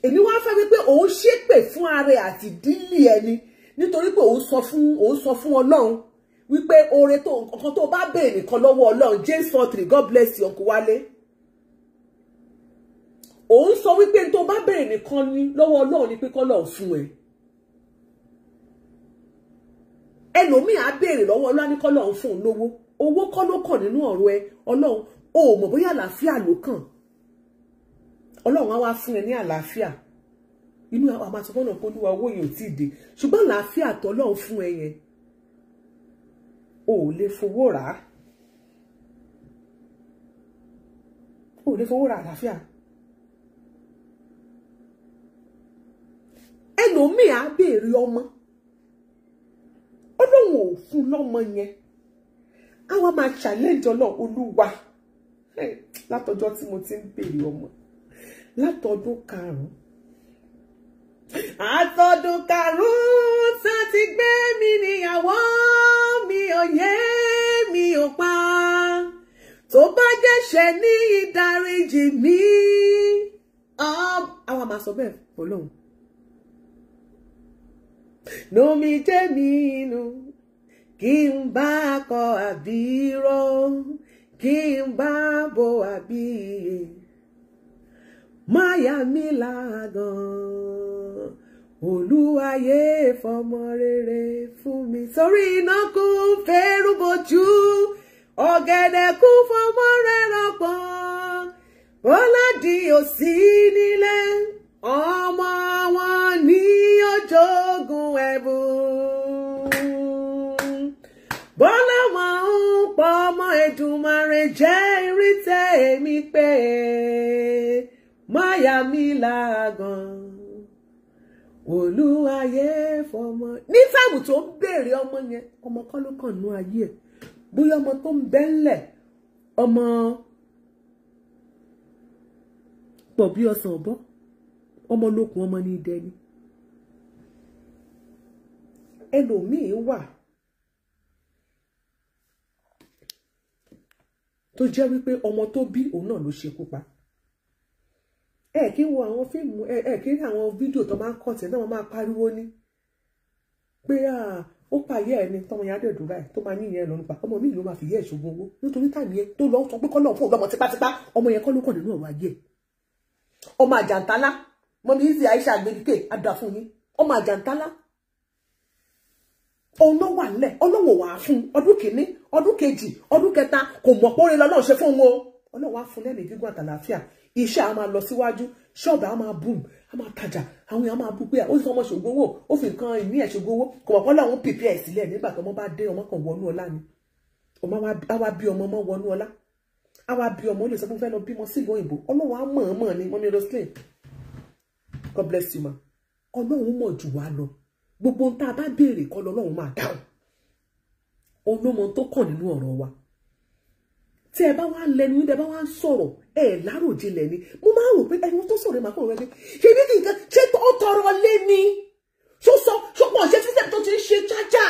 èmi wá fẹ́ wípé òun ṣépè fún ara àti dílé ẹni nítorí pé òun sọ fún òun sọ fún ọlọ́run wípé oore tó nǹkan tó bá béèrè nìkan lọ́wọ́ ọlọ́run James four three God bless you ọkùnwálé òun sọ wípé tó bá béèrè nìkan ní lọ́wọ́ ọlọ́run ni pé kọ́ lọ́ọ̀ fún ẹ ẹlòmíì á béèrè lọ́wọ́ ọlọ́run ní kọ́ lọ́ọ̀ fún un lówó owó kọ́ ló kàn nínú ọ̀rọ̀ ẹ ọlọ́run o ò mọ̀ bóyá àlàáfíà ló kàn ọlọ́run á wá fún ẹ ní àlàáfíà inú àwọn àmàtọ́gbọ́n náà kó lúwa owó yìí ò tí ì dé ṣùgbọ́n àlàáfíà tọ́lọ́run fún ẹ yẹn o ò lè fowó rà á o ò lè fowó rà àlàáfíà ẹlòmíì á béèrè ọmọ ọlọ́run ò fún lọ́mọ yẹn á máa challenge ọlọ́run olúwa látọjọ́ tí mo ti ń béèrè ọmọ látọdún karùn-ún àtọdún karùn-ún tá ti gbé mi níyàwó mi ò yé mi ò pa tó bá jẹ́ṣẹ̀ ní ìdáríjì mi. àwa um, máa sọ bẹ́ẹ̀ pọ̀ lọ́hùn nomi tẹ́mi inú kí n bá akọ àbí rọ kí n bá bo àbí iye máyà mi làgàn olúwayé fọmọ rere fún mi sórí iná kún fẹ́rù bojú ọ̀gẹ̀dẹ̀ kún fọmọ rẹ̀ rọ̀pọ̀ bọ́lá di òsì nílẹ̀ ọmọ wọn ní ojogun ẹ̀bùn bọ́lá wọn ń pọ̀ ọmọ Èdùmàrè jẹ́ ìrìtẹ̀ èmi pé máyà mi làágàn olúwayé fọmọ ní táàmù tó ń béèrè ọmọ yẹn ọmọ kọ́ ló kàn nú ayé ẹ̀ bóyá ọmọ tó ń bẹ́ ńlẹ̀ ọmọ pọ̀ bí ọsàn ọ̀bọ ọmọ lókun ọmọ ní idẹ ni ẹlòmíì wà tó jẹ́ wípé ọmọ tó bí òun náà ló ṣekú pa ẹ kí n wo àwọn fíìmù ẹ kí n àwọn fídíò tó máa ń kọ̀ tẹ̀ náà wọ́n máa pariwo ní pé ó pààyẹ́ ẹ ni tọmọ yẹn adẹ́dùn báyìí tó máa ní ìyẹn lọ́nù pa ọmọ mi ló máa fi yẹ ìṣògùn owó nítorí tàbí yẹn tó lọ sọ pé kọ́ lọ́ọ̀ fún ọ̀dọ́mọ tipátipá ọmọ yẹn kọ́ ló kọ̀ nínú ọ̀rọ̀ ayé ẹ̀ ọmọ àjàntálá mọ̀mí ìzì àìṣà àgbèdìkè àdàfún yín ọmọ àjàntálá òun ló wà nílẹ̀ ọlọ́wọ̀ wà fún ọdún kìíní ọdún kejì ọdún kẹta kò mọ̀ pé orin lọ́lọ́ ṣe fún wọn ọlọ́wọ̀ á fún lẹ́nu gígùn àtàlàáfíà iṣẹ́ a máa lọ síwájú ṣọ́ọ̀bù a máa boom a máa tajà àwọn èèyàn máa bú pé ó fi ọmọ ṣògbówó ó fi nǹkan ìní ẹ̀ ṣògbówó kò mọ̀ pé ọlọ́run pèpè ẹ̀ sílẹ̀ nígbà tó ọmọ bá dé ọmọ kan wọnú ọlá ni ọmọ wa bí ọmọ ọmọ wọnú ọlá a wa bí ọmọ ó lè sọ fún fẹ́ lọ bímọ sílùú òyìnbó ọlọ́wọ̀ á mọ̀ ọ́n mọ̀ ni mọ́mí roslyn God bless you ma ọlọ́run mọ̀ jù wá lọ gbogbo ohun tá a bá béèrè kọ́ lọ́lọ́run máa dáhùn òun ló mọ ohun tó kàn nínú ọ̀rọ̀ wa tí ẹ bá wá lẹnu ní ẹ bá wá ń sọ̀rọ̀ ẹ láròjinlẹ̀ ni mo máa rò pé ẹni tó sọ̀rọ̀ ẹ máa kọ̀ rẹ pé ṣe ní nìkan ṣé ó tọrọ lé ni ṣó sọ ṣó pọ̀ ṣe sísẹ̀ tó ti ń ṣe jájá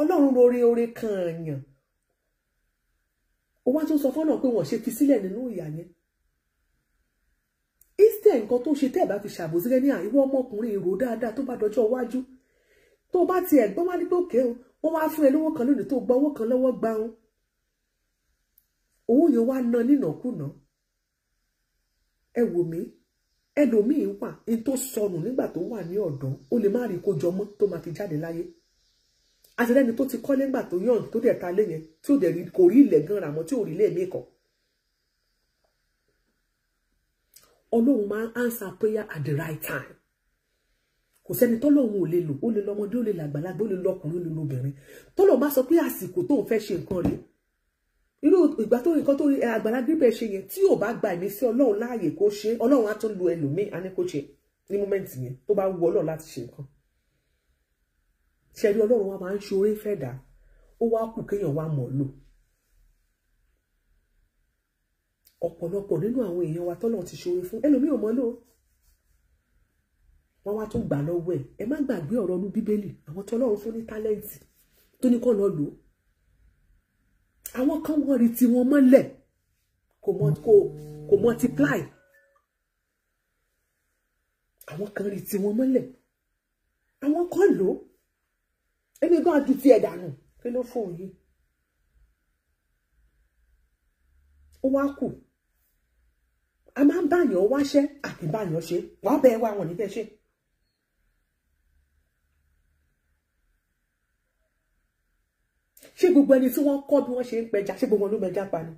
ọlọ́run lórí oore kan àyàn ó wá tún sọ fọ́nà pé wọ́n ṣe fi sílẹ̀ nínú ìyá yẹn tẹ̀ nǹkan tó ṣe tẹ́ bá fi ṣàbòsí rẹ ní àìwọ ọmọkùnrin ìrò dáadáa tó bá dọjọ́ iwájú tó bá ti ẹ̀gbọ́n wá nígbà òkè o wọ́n wá fún ẹ lówó kan lónìí tó gba owó kan lọ́wọ́ gba wọn owó yẹn wá ná nínàkúnà ẹ wò mí ẹlòmíì wà ní tó sọnù nígbà tó wà ní ọ̀dọ́ ó lè má rí kó jọ mọ́ tó máa fi jáde láyé àtìlẹ́ni tó ti kọ́lé ńgbà tó yàn tó dẹ̀ ta lé yẹn tí ò dẹ̀ kò rí ilẹ̀ gan ràmọ́ tí ò rí ilé mi kọ̀ ọlọ́run máa ń answer prayer at the right time kò sẹ́ni tọ́lọ́run ò lè lò ó lè lọ́mọdé ó lè làgbàlagbà ó lè lọ́kùnrin ó lè lóbìnrin tọ́lọ́run bá sọ pé àsìkò tóun fẹ́ ṣe nǹkan rẹ̀ irú ìgbà tó nǹkan tó àgbàlagbà bẹ́ẹ̀ ṣe yẹn tí ò bá gba ẹ̀mí sí ọlọ́run láàyè kó ṣe ọlọ́run á tún lu ẹlòmíì á ní mọ́mẹ́ǹtì yẹn tó bá wù ọlọ́run láti ṣe nǹkan ṣẹ́ni ọlọ́run wa máa ń ṣe fẹ́ dà ó wá kù kéèyàn wá mọ̀ lò ọ̀pọ̀lọpọ̀ nínú àwọn èèyàn wa tọ́lọ̀ ti ṣoore fún ẹlòmíì ò mọ́ lò wọ́n wá tún gbà lọ́wọ́ ẹ̀ ẹ má gbàgbé ọ̀rọ̀ ọdún bíbélì àwọn tọ́lọ́run fún ní tálẹ́ǹtì tó ní kọ́ lọ lò ó àwọn kan wọ́n rí tí wọ́n mọ́lẹ̀ kò multiply àwọn kan rí tí wọ́n mọ́lẹ̀ àwọn kan lò ó ẹni gan adu ti ẹ̀ dànù kí ló fún yín ó wá kù a máa ń báyàn wáṣẹ́ àti báyàn ṣe wàá bẹ́ẹ̀ wá wọn níbẹ̀ ṣe. ṣé gbogbo ẹni tí wọ́n kọ́ bí wọ́n ṣe ń pẹja ṣé gbogbo wọn ló mẹja pa ni.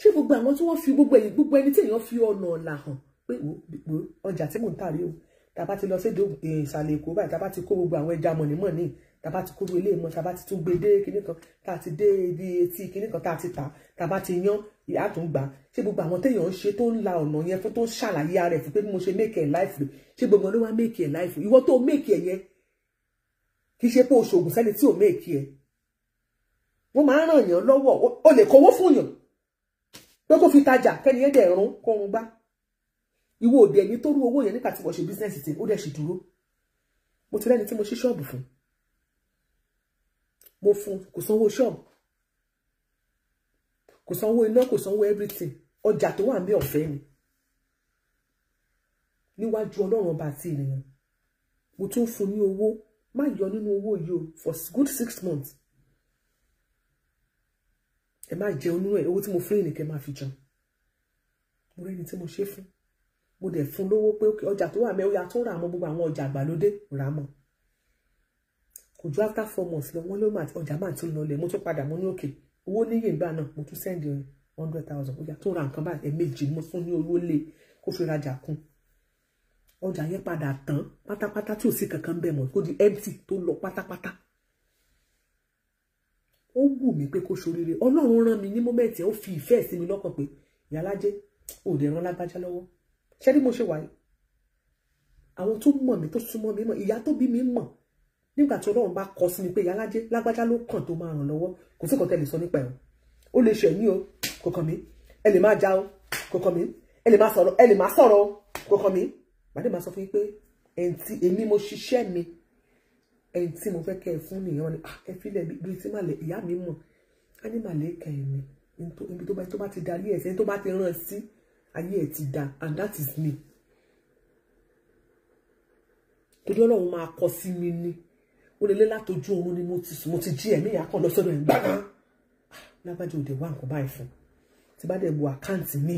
ṣé gbogbo àwọn tí wọ́n fi gbogbo ẹ̀yìn gbogbo ẹni tí èèyàn fi ọ̀nà ọ̀la hàn pé wò ọjà tí mò ń tà rí o tàbá ti lọ sí eh, ìsàlẹ̀ èkó báyìí tàbá ti kó gbogbo àwọn ẹja mọ̀nìmọ̀nì tàbá ti kúrú ilé ìmọ̀ tàbá ti tún gbé dé kinní kan tá a ti dé ibi etí kinní kan tá a ti tà tàbá ti yan ìyá tó ń gbà ṣé gbogbo àwọn téèyàn ń ṣe tó ń la ọ̀nà yẹn fún tó ń ṣàlàyé ara ẹ̀ fún pé mo ṣe make a life rẹ̀ ṣé gbogbo ló wá make a life ìwọ tó make ẹ̀ yẹn kì í ṣe pé oṣoògùn sẹ́ni tí ò make ẹ̀ wọ́n máa ń ràn yàn lọ́wọ́ o lè kówó fún yàn pé kó fi tajà kẹ́ni yẹn dẹ̀ rún kọrun gbá ìwọ òde ẹni tó rú owó yẹn nígbà tí wọ́n ṣe bísíǹsì tí ó dẹ̀ ṣì dúró mo ti rẹ́ni tí mo ṣí ṣọ́ọ̀bù fún mo fún kò sanwó ṣọ́ọ̀bù kò sanwó iná kò sanwó everything ọjà tó wà ń bí ọ̀fẹ́ ni níwájú ọlọ́run ọba àti ènìyàn mo tún fún ní owó má yọ nínú owó yìí o for good six months ẹ má jẹun nínú ẹ owó tí mo fún yìí nìkẹ́ máa fi jẹun mo rẹ́ni tí mo ṣe fún mo dẹ̀ fún lówó pé ọjà tó wà mẹ́ ó tó rà mọ́ gbogbo àwọn ọjà àgbàlódé rà mọ́ kò ju after four months lọ wọ́n ló mà ọjà máa tún lọlẹ̀ mo tún padà mo ní òkè owó níyè ìgbà náà mo tún sẹ́ndì one hundred thousand ọjà tó ra nǹkan báyìí ẹ̀ẹ̀mejì mo tún ní owó lé kó fi rajà kún ọjà yẹn padà tán pátápátá tí ò sí kankan bẹ́ẹ̀ mọ́ kó di empty tó lọ pátápátá ó wù mí pé kó ṣoríire ọlọ́run rán mi ní mọ́mẹ́ǹtì ó fi ìfẹ́ sí mi lọ́kàn pé ìyálájẹ́ ò dẹ̀ ran lágbájá lọ́wọ́ ṣé bí mo ṣe wà yìí àwọn tó mọ̀ mí tó súnmọ́ mi mọ̀ ìyá tó bí mi nígbà tí ọlọ́run bá kọ sí mi pé ìyálájẹ́ lágbájá ló kàn tó máa ràn lọ́wọ́ kò sí kọ́tẹ́ lè sọ nípa ẹ̀ o lè ṣẹ̀ mí o kò kàn mí ẹ lè máa ja o kò kàn mí ẹ lè máa sọ̀rọ̀ ẹ lè máa sọ̀rọ̀ o kò kàn mí màdé máa sọ fún yín pé ẹ̀ǹtí èmi mo ṣiṣẹ́ mi ẹ̀ǹtí mo fẹ́ kẹ́ ẹ fún nìyẹn wọn ni ah, ẹ fílẹ̀ bíi tí ìyá mi mọ̀ á ní màlẹ̀ kẹ́yìn mi and that is me torí ọlọ́run máa kọ sí mi ni ó lè lé látojú oorun ni mo ti sùn mo ti jí ẹ̀mí ìyá kan lọ sọ́dọ̀ ẹ̀ gbàgbà lágbájá òde wa nǹkan báyìí fún tí bá dẹ̀ bu àkáǹtì mi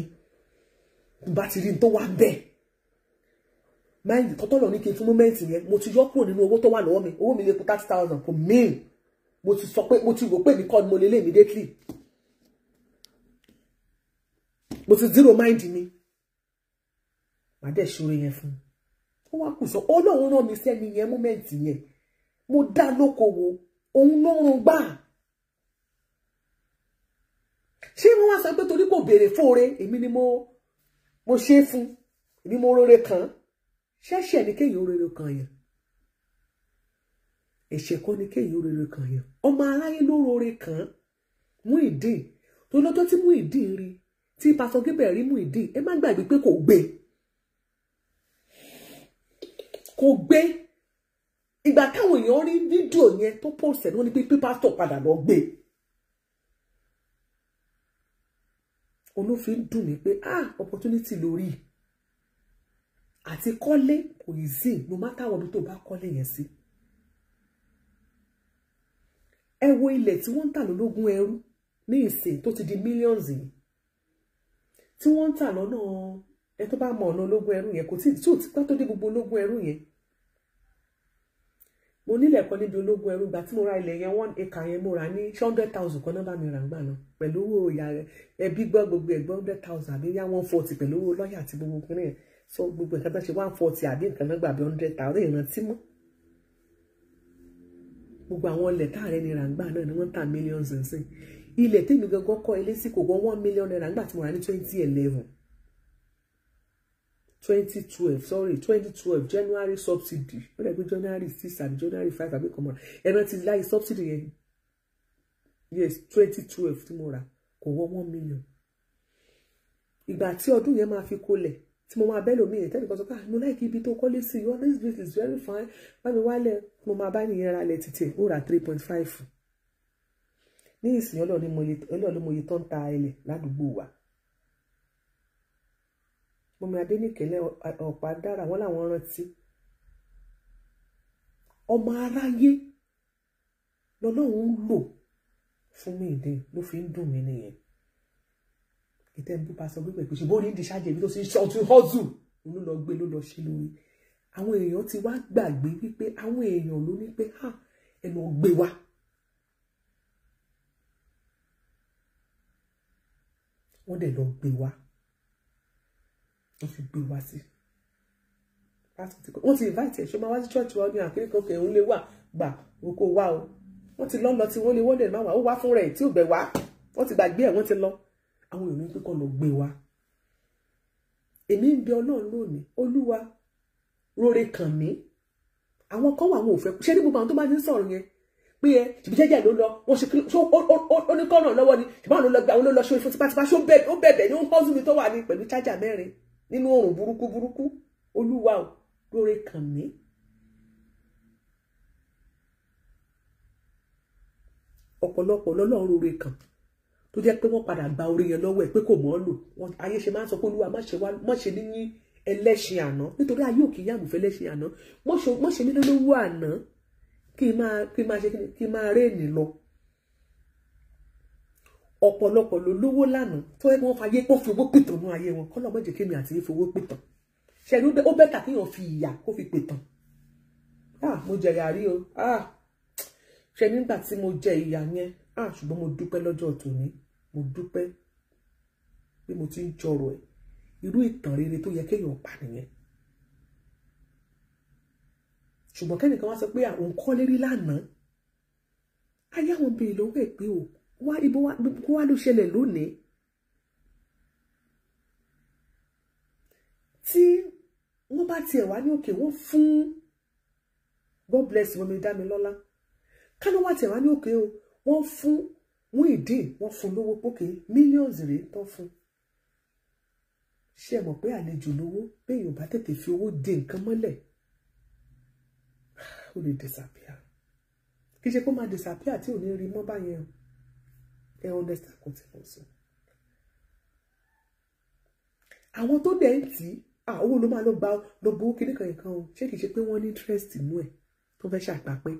bá ti rí tó wá bẹ́ẹ̀ máìlì tọ́tọ́lọ̀ ní kí n fún mọ́mẹ́ǹtì yẹn mo ti yọ kúrò nínú owó tó wà lọ́wọ́ mi owó mi lè kú thirty thousand kò míì mo ti sọ pé mo ti rò pé mi kọ́ ni mo lè lé immediately mo ti zero mind mi màá dẹ̀ ṣòro yẹn fún un ó wá kù sọ ó lóun rán mi sẹ́ni yẹn mọ́mẹ́ǹtì yẹn mo dá lókòwò òun ló rún gbà ṣé wọn wá sọ pé torí kò béèrè fóore èmi ni mo mo ṣe fún èmi mo rere kan ṣẹ̀ṣẹ̀ ni kéèyàn rere kan yẹn ẹ̀ṣẹ̀ kọ́ ni kéèyàn rere kan yẹn ọmọ aráyé ló rere kan Muyideen tó lọ́jọ́ tí Muyideen rí tí pásọ gébẹ̀ rí Muyideen ẹ má gbàgbé pé kò gbé kò gbé ìgbà táwọn èèyàn rí fídíò yẹn tó post ẹ̀ ló ní pé pípásítọ̀ padà lọ gbé olófin dùn mí pé ah opportunity lórí àti kọ́lé kò yìí sí no matter ọdún tó bá kọ́lé yẹn sí ẹ wo ilẹ̀ tí wọ́n ń tà lólógún ẹrú ní ìsìn tó ti di millions yìí tí wọ́n ń tà lọ́nà ẹ tó bá mọ ọ̀nà ológun ẹrú yẹn kò tí ì tó ti pẹ́ tó dé gbogbo ológun ẹrú yẹn mo nílẹ̀ kan níbi ológun ẹrú gbà tí mo ra ilẹ̀ yẹn one acre yẹn mo rà ní hundred thousand kan náà bá mi rà ń gbà náà pẹ̀lú owó ìyá rẹ ẹbí gbọ́ gbogbo ẹ̀gbọ́n hundred thousand àbí yá one forty pẹ̀lú owó lọ́ọ̀yà àti gbogbo kiri yẹn so gbogbo nǹkan tó ṣe one forty àbí nǹkan náà gbà bí hundred thousand ìrántí mọ́ gbogbo àwọn ilẹ̀ táàrẹ ni ràǹgbà náà ni wọ́n ta millions nsìn ilẹ̀ tèmi gangan kọ́ ilé sí kò gan one million naira nígbà tí mo rà ní twenty eleven twenty twelve sorry twenty twelve january subsidy ó dẹ̀ pé january six àbí january five àbí kọ́mọ ẹ rántí láyé subsidy yẹn yes twenty twelve tí mo rà kò wọ one million ìgbà tí ọdún yẹn máa fi kólẹ̀ tí mo máa bẹ́ẹ̀ lómi yẹn tẹ́lẹ̀ kan sọ pé ah, mo láì kí ibi tó kọ́lé sí you this place is very fine bá mi wálẹ̀ mo máa bá nìyẹn ra lẹ̀ títì ó ra three point five ní ìsìn ọlọ́ọ̀ni mo yẹ tán ta ilẹ̀ ládùúgbò wa mọ̀mí adénìkẹ́lẹ́ ọ̀pá dára wọ́n làwọn rántí ọmọ aráyé lọ́lọ́run ń lò fún mi ìdè ló fi ń dùn mí nìyẹn ìtẹ́ ń bú bá sọ pé pẹ̀lú ṣùgbọ́n orí ń di ṣáàjẹ́ ibi tó ṣe ń ṣe ọtún họ́ọ̀zù ló lọ gbé ló lọ ṣe lórí àwọn èèyàn ti wá gbàgbé wípé àwọn èèyàn ló ní pé ha ah, ẹ lọ gbé wa. wọ́n dẹ̀ lọ gbé wa wọ́n fi gbé wá sí pásítọ̀ tí kò wọ́n ti invite ẹ̀ ṣé máa wá sí church wa ní àkíní kan kẹ̀ ń lé wà gbà oko wá o wọ́n ti lọ lọ tí wọ́n lé wọ́n dẹ̀ máa wà ó wá fúnra ẹ̀ tí ò gbẹ wá wọ́n ti gbàgbé ẹ̀ wọ́n ti lọ àwọn èèyàn pé kọ́ lọ gbé wa èmi ń bẹ ọlọ́run lónìí olúwa rore kàn mí àwọn kan wà àwọn ò fẹ́ ṣé ní gbogbo àwọn tó bá ní sọ̀rọ̀ yẹn pé ẹ ṣùgbọ́n jẹ́jẹ́ ló lọ wọ́n ṣe ṣó oníkọ́nà lọ́wọ́ ni ṣùgbọ́n àwọn ló lọ gba àwọn ló lọ ṣó ifo tipátipá ṣó bẹ̀bẹ̀ ó bẹ̀bẹ̀ ni ó ń pọ́sùn mi tó wà ní pẹ̀lú chájà mẹ́rin nínú oòrùn burúkú burúkú olúwa ò lóore kàn mí. ọ̀pọ̀lọpọ̀ lọ́lọ́run lóore kàn tó jẹ́ pé wọ́n padà gba orí yẹn lọ́wọ́ ẹ̀ pé kò mọ́ lò ayé ṣe máa ń sọ pé olúwa má ṣe ní ní ẹlẹ́ṣin àná nítorí ayé òkè yá àmùfẹ́ ẹlẹ́ṣin àná mọ́ ṣe mí lọ́wọ́ àná kí n máa ṣe kí n máa rẹ́ẹ̀nì lọ ọ̀pọ̀lọpọ̀ ló lówó lánàá tó yẹ kí wọ́n fayé kó fi owó pìtàn nú ayé wọn kọ́lọ́ mọ̀jẹ̀ kémi àti ìfowó pìtàn ṣẹ̀rí ó bẹ́tà kéèyàn fi ìyà kó fi pìtàn ah mo jẹ yàrí o ah ṣe nígbà tí mo jẹ ìyà yẹn ah ṣùgbọ́n mo dúpẹ́ lọ́jọ́ tòní mo dúpẹ́ bí mo ti ń jọrọ ẹ̀ irú ìtàn rere tó yẹ kéèyàn pa nìyẹn ṣùgbọ́n kẹ́nìkan wá sọ pé àwọn kọ́lérí lánàá ayé àwọn bèèrè lọ́wọ́ ẹ̀ pé òkú wá ibo wá kó wá ló ṣẹlẹ̀ lónìí tí wọ́n bá tiẹ̀ wá ní òkè wọ́n fún God bless wọn mi dá mi lọ́lá kánú wá tiẹ̀ wá ní òkè o wọ́n fún wọ́n ìdí wọ́n fún lówó pókè mílíọ̀nù rèé tán fún ṣé ẹ mọ̀ pé àlejò lówó béèyàn bá tètè fi owó de nǹkan mọ́lẹ̀ ó lè disappear kì í ṣe kó máa disappear tí ò ní rí mọ́ báyẹn o ẹ understand kò tí mo sọ àwọn tó dẹ̀ ń tì í owó ló máa lọ gba lọ bó kíní kan nǹkan o ṣé kìí ṣe pé wọ́n ní interest inú ẹ̀ tó fẹ́ ṣàpapẹ́.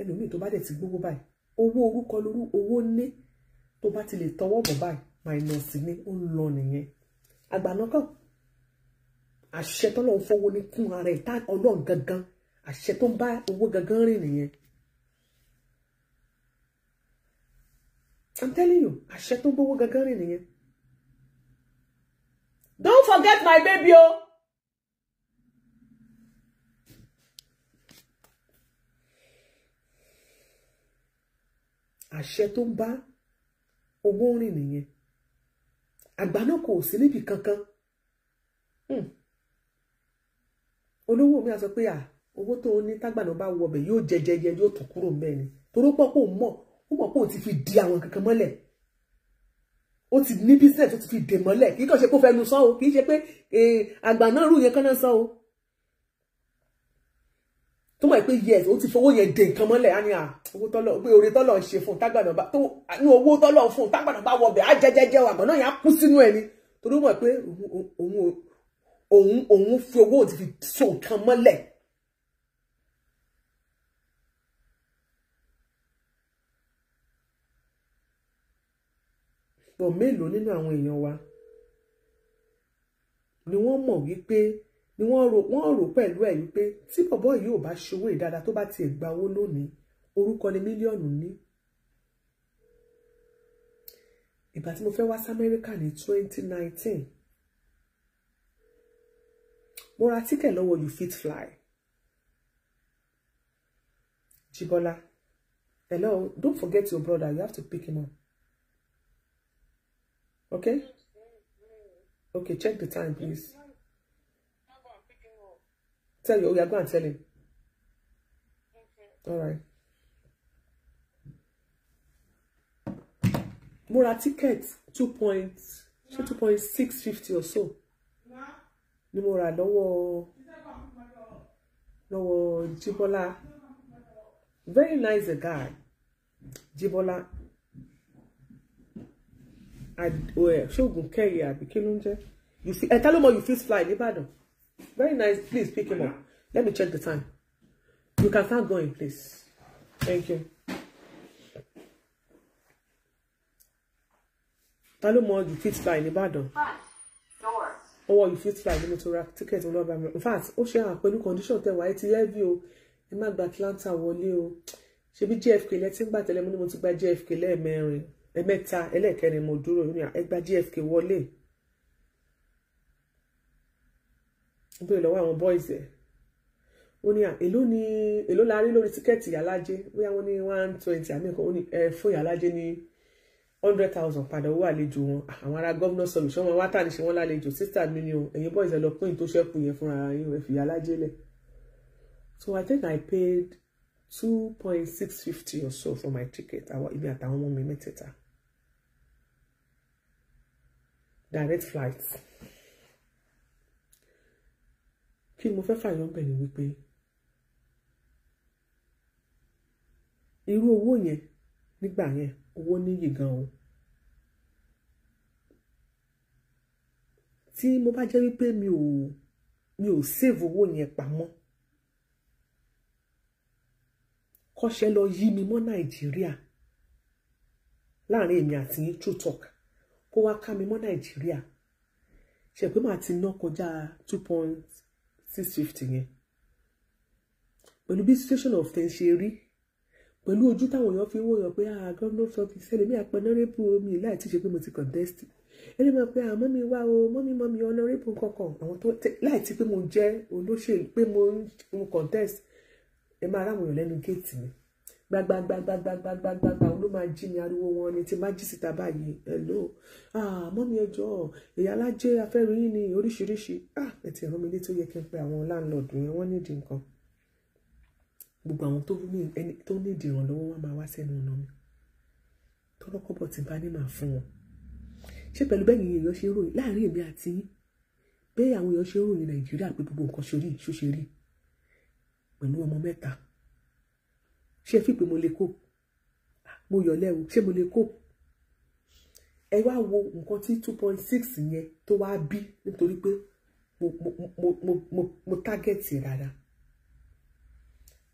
ẹlòmíì tó bá dẹ̀ ti gbówó báyìí owó orúkọ lóru owó ní tó bá ti lè tọwọ́ bọ̀ báyìí minus ni ó ń lọ nìyẹn àgbànakàn àṣẹ tọ́lọ́ ń fọwọ́ ní kún ara ẹ̀ tá ọlọ́run gangan àṣẹ tó ń bá owó gangan rìn nìyẹn I'm telling you àṣẹ tó ń bá owó gangan rìn nìyẹn don't forget my baby o. Oh. àṣẹ tó ń bá owó rìn nìyẹn àgbà náà kò sí níbì kankan hmm. olówó mi á sọ pé à owó tó o ní tágbàlọ́ bá wọ ọbẹ̀ yóò jẹjẹyẹ yóò tún kúrò ńbẹ̀ ni toró pọ̀ kó mọ̀ ó mọ̀ kó o ti fi di àwọn kankan mọ́lẹ̀ ó ti ní business ó ti fi dè mọ́lẹ̀ kì í kàn ṣe pé ó fẹnu sán o kì í ṣe pé e, àgbà náà rú yẹn kán náà sán o tó mọ̀ pé yes ó ti fowó yẹn dè nǹkan mọ́lẹ̀ á ní à owó tọ́lọ̀ pé oore tọ́lọ̀ ń ṣe fún tágbàdàn bá tó ní owó tọ́lọ̀ fún tágbàdàn bá wọbẹ̀ á jẹjẹjẹ àgbà náà yẹn á kú sínú ẹni torí mọ̀ pé òun òun òun fi owó ti fi so nǹkan mọ́lẹ̀ ọ̀pọ̀lọpọ̀ mélòó nínú àwọn èèyàn wa ni wọ́n mọ̀ wípé ni wọ́n rò wọ́n rò pẹ̀lú ẹ̀ wípé tí bọ̀bọ̀ yìí ò bá ṣòwò ìdáadáa tó bá tiẹ̀ gba owó lónìí orúkọ ni mílíọ̀nù ní. ìgbà tí mo fẹ́ wá sí Amẹ́ríkà ní twenty nineteen mo ra tíkẹ̀ lọ́wọ́ you fit fly Jibola hello don't forget your brother you have to pick him up Okay? Okay, check the time, please. Tell you, oh yeah, go and tell him. All right. Mo ra ticket two point two point six fifty or so ni mo ra lọ́wọ́ lọ́wọ́ Jibola very nice a guy Jibola Oh, eh, ṣóògùn kẹrì àbí kí ló ń jẹ ẹ̀ka eh, ló mọ you fit fly nìbàdàn very nice please pick him up let me check the time you can start going please thank you. ta ló mọ you fit fly nìbàdàn owó you fit fly nínú tó ra ticket ọlọ́ba mi in fact ó ṣe hàn pẹ̀lú condition tẹ̀wá ẹ ti heavy o ẹ má gba Atlanta wọlé o ṣebí JFK lẹ́tí ń gbà tẹ́lẹ̀ mo ní mo ti gba JFK lẹ́ẹ̀mẹrin ẹ̀mẹ́ta ẹlẹ́ẹ̀kẹrin mo dúró ní ẹgbà GFK wọlé ń bèrè lọ́wọ́ àwọn boys ẹ̀ ó ní èló ni èló la rí lórí tíkẹ́ẹ̀tì yàlájé bóyá wọ́n ní one twenty àmì ẹ̀kọ́ ó ní ẹ fún yàlájé ní hundred thousand padà owó àlejò wọn àwọn ará gómìnà solution wọn wá tà ní ṣe wọn lálejò sísà mi ni o ẹ̀yin boys ẹ lọ pín tó ṣẹ́kù yẹn fúnra yín ẹ fi yàlájé lẹ̀ so I think I paid two point six fifty or so for my ticket àwọn ibi àtàwọn ọmọ mi mẹ́tẹ̀ẹ̀ta direct flight kí ni mo fẹ́ fàyọ ń bẹ̀ ni wípé irú owó yẹn nígbà yẹn owó níyì gan o tí mo bá jẹ́ wípé mi ò mi ò save owó yẹn pamọ́ kọ́ṣẹ́ lọ yí mi mọ́ nàìjíríà láàrin èmi àti yín true talk kó wá ká mi mọ́ nàìjíríà ṣe pé màá ti ná kọjá two point six fifty yẹn pẹ̀lú bí situation of ten ṣe rí pẹ̀lú ojú táwọn èèyàn fi ń wòyàn pé ah government office ẹlẹ́mí àpẹnárẹ́bù omi láì tí ṣe pé mo ti contest ẹlẹ́mí àpẹ àmọ́ mi wá o mọ́mí mọ́mí ọ̀nàrẹ́bù kankan àwọn tó láì tí pé mo jẹ́ olóṣèlú pé mo ń contest ẹ máa ráwọn èèyàn lẹ́nu géètì mi gbagbagbagbagbagbagbagba ló máa jí mi ariwo wọn ni tí má jí síta báyìí hello ah mọ́mí ẹjọ́ ìyá alájẹ afẹ́rù yín ni oríṣiríṣi ah ẹ̀tì ẹ̀rọ mi létí ó yẹ kí n pe àwọn láńlọ́ọ̀dù yẹn wọ́n nídìí nǹkan gbogbo àwọn tó nídìí ìrànlọ́wọ́ wọn máa wá sẹ́nu ọ̀nà mi tọ́lọ́kọ́bọ̀ ti bá ní màá fún wọn ṣé pẹ̀lú bẹ́ẹ̀ yìnyín èèyàn ṣe ń ròyìn láàrin èmi àti yín bẹ́ẹ̀ àwọn èèyàn ṣe ń ròyìn nàìjíríà pé gbogbo nǹkan ṣorí ṣoṣe ṣé ẹ fi pé mo lè kó ah, mo yọ̀ lẹ́wọ̀ ṣé mo lè kó ẹ wá wo nǹkan tí two point six yẹn tó wá bí nítorí pé mo mo mo mo mo mo tágẹ̀tì rárá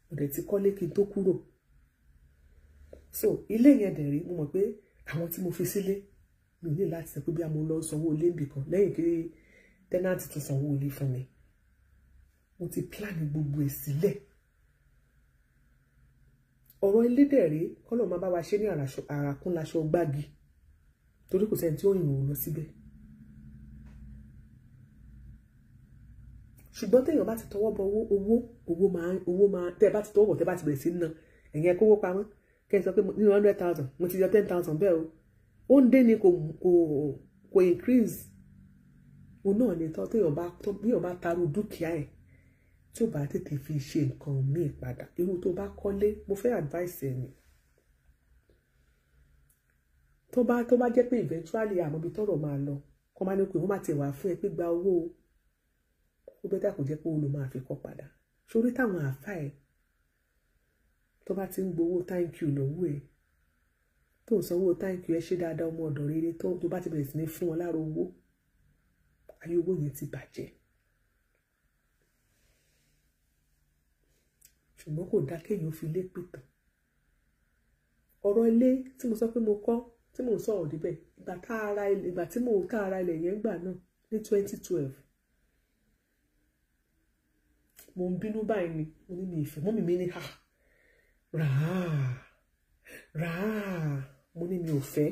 mo dẹ̀ kọ́lé kí n tó kúrò so ilé yẹn dẹ̀ rí mo mọ̀ pé àwọn tí mo fi sílé mi ò ní láti sọ pé bí a mo lọ sanwó ilé ibì kan lẹ́yìn kí tẹ́nàtì tún sanwó ilé fún mi mo ti pílánì gbogbo ẹ̀ sílẹ̀ ọ̀rọ̀ elédèrè kọ́lọ̀ máa bá wa ṣe ní àràkúnlaṣọ gbági torí kò sẹ́ni tí ó yìnbọn lọ síbẹ̀ ṣùgbọ́n téèyàn bá ti tọwọ́ bọ owó owó owó máa owó máa tẹ́ ẹ bá ti tọwọ́ bọ̀ tẹ́ bá ti bẹ̀rẹ̀ sí ń ná ẹ̀yìn ẹ kówó pamọ́ kẹ́ ẹ sọ pé nínú hundred thousand mo ti yọ ten thousand bẹ́ẹ̀ o ó ń dé ni kò kò kò increase òun náà ni tọ́ téèyàn bá tọ́ téèyàn bá taru dúkìá ẹ̀ tí o bá tètè fi ṣe nǹkan míì padà irú tó bá kọ́lé mo fẹ́ advice ẹ̀ ni tó bá tó bá jẹ́ pé eventually àmọ́ ibi tọ́rọ̀ máa lọ kó máa ní pé wọ́n máa ti wà fún ẹ pé gba owó ó bẹ́tà kò jẹ́ pé o lò máa fi kọ́ padà sórí táwọn àáfà ẹ̀ tó bá ti ń gbowó thank you lọ́wọ́ ẹ̀ tó ń sanwó thank you ẹ ṣe dáadáa ọmọ ọ̀dọ̀ rere tó bá ti bẹ̀rẹ̀ sí ní fún wọn lára owó ayé owó yẹn ti bàjẹ́ ṣùgbọ́n kò dá kéèyàn fi ilé pìtàn ọ̀rọ̀ ilé tí mo sọ pé mo kọ́ tí mò ń sọ̀rọ̀ débẹ̀ ìgbà tá a ilẹ̀ ìgbà tí mò ń tá ilẹ̀ yẹn gbà náà ní twenty twelve mo ń bínú báyìí ni mo ní mi ìfẹ́ mọ́ mi mi ní ha ah, ràá ràá mo ní mi ò fẹ́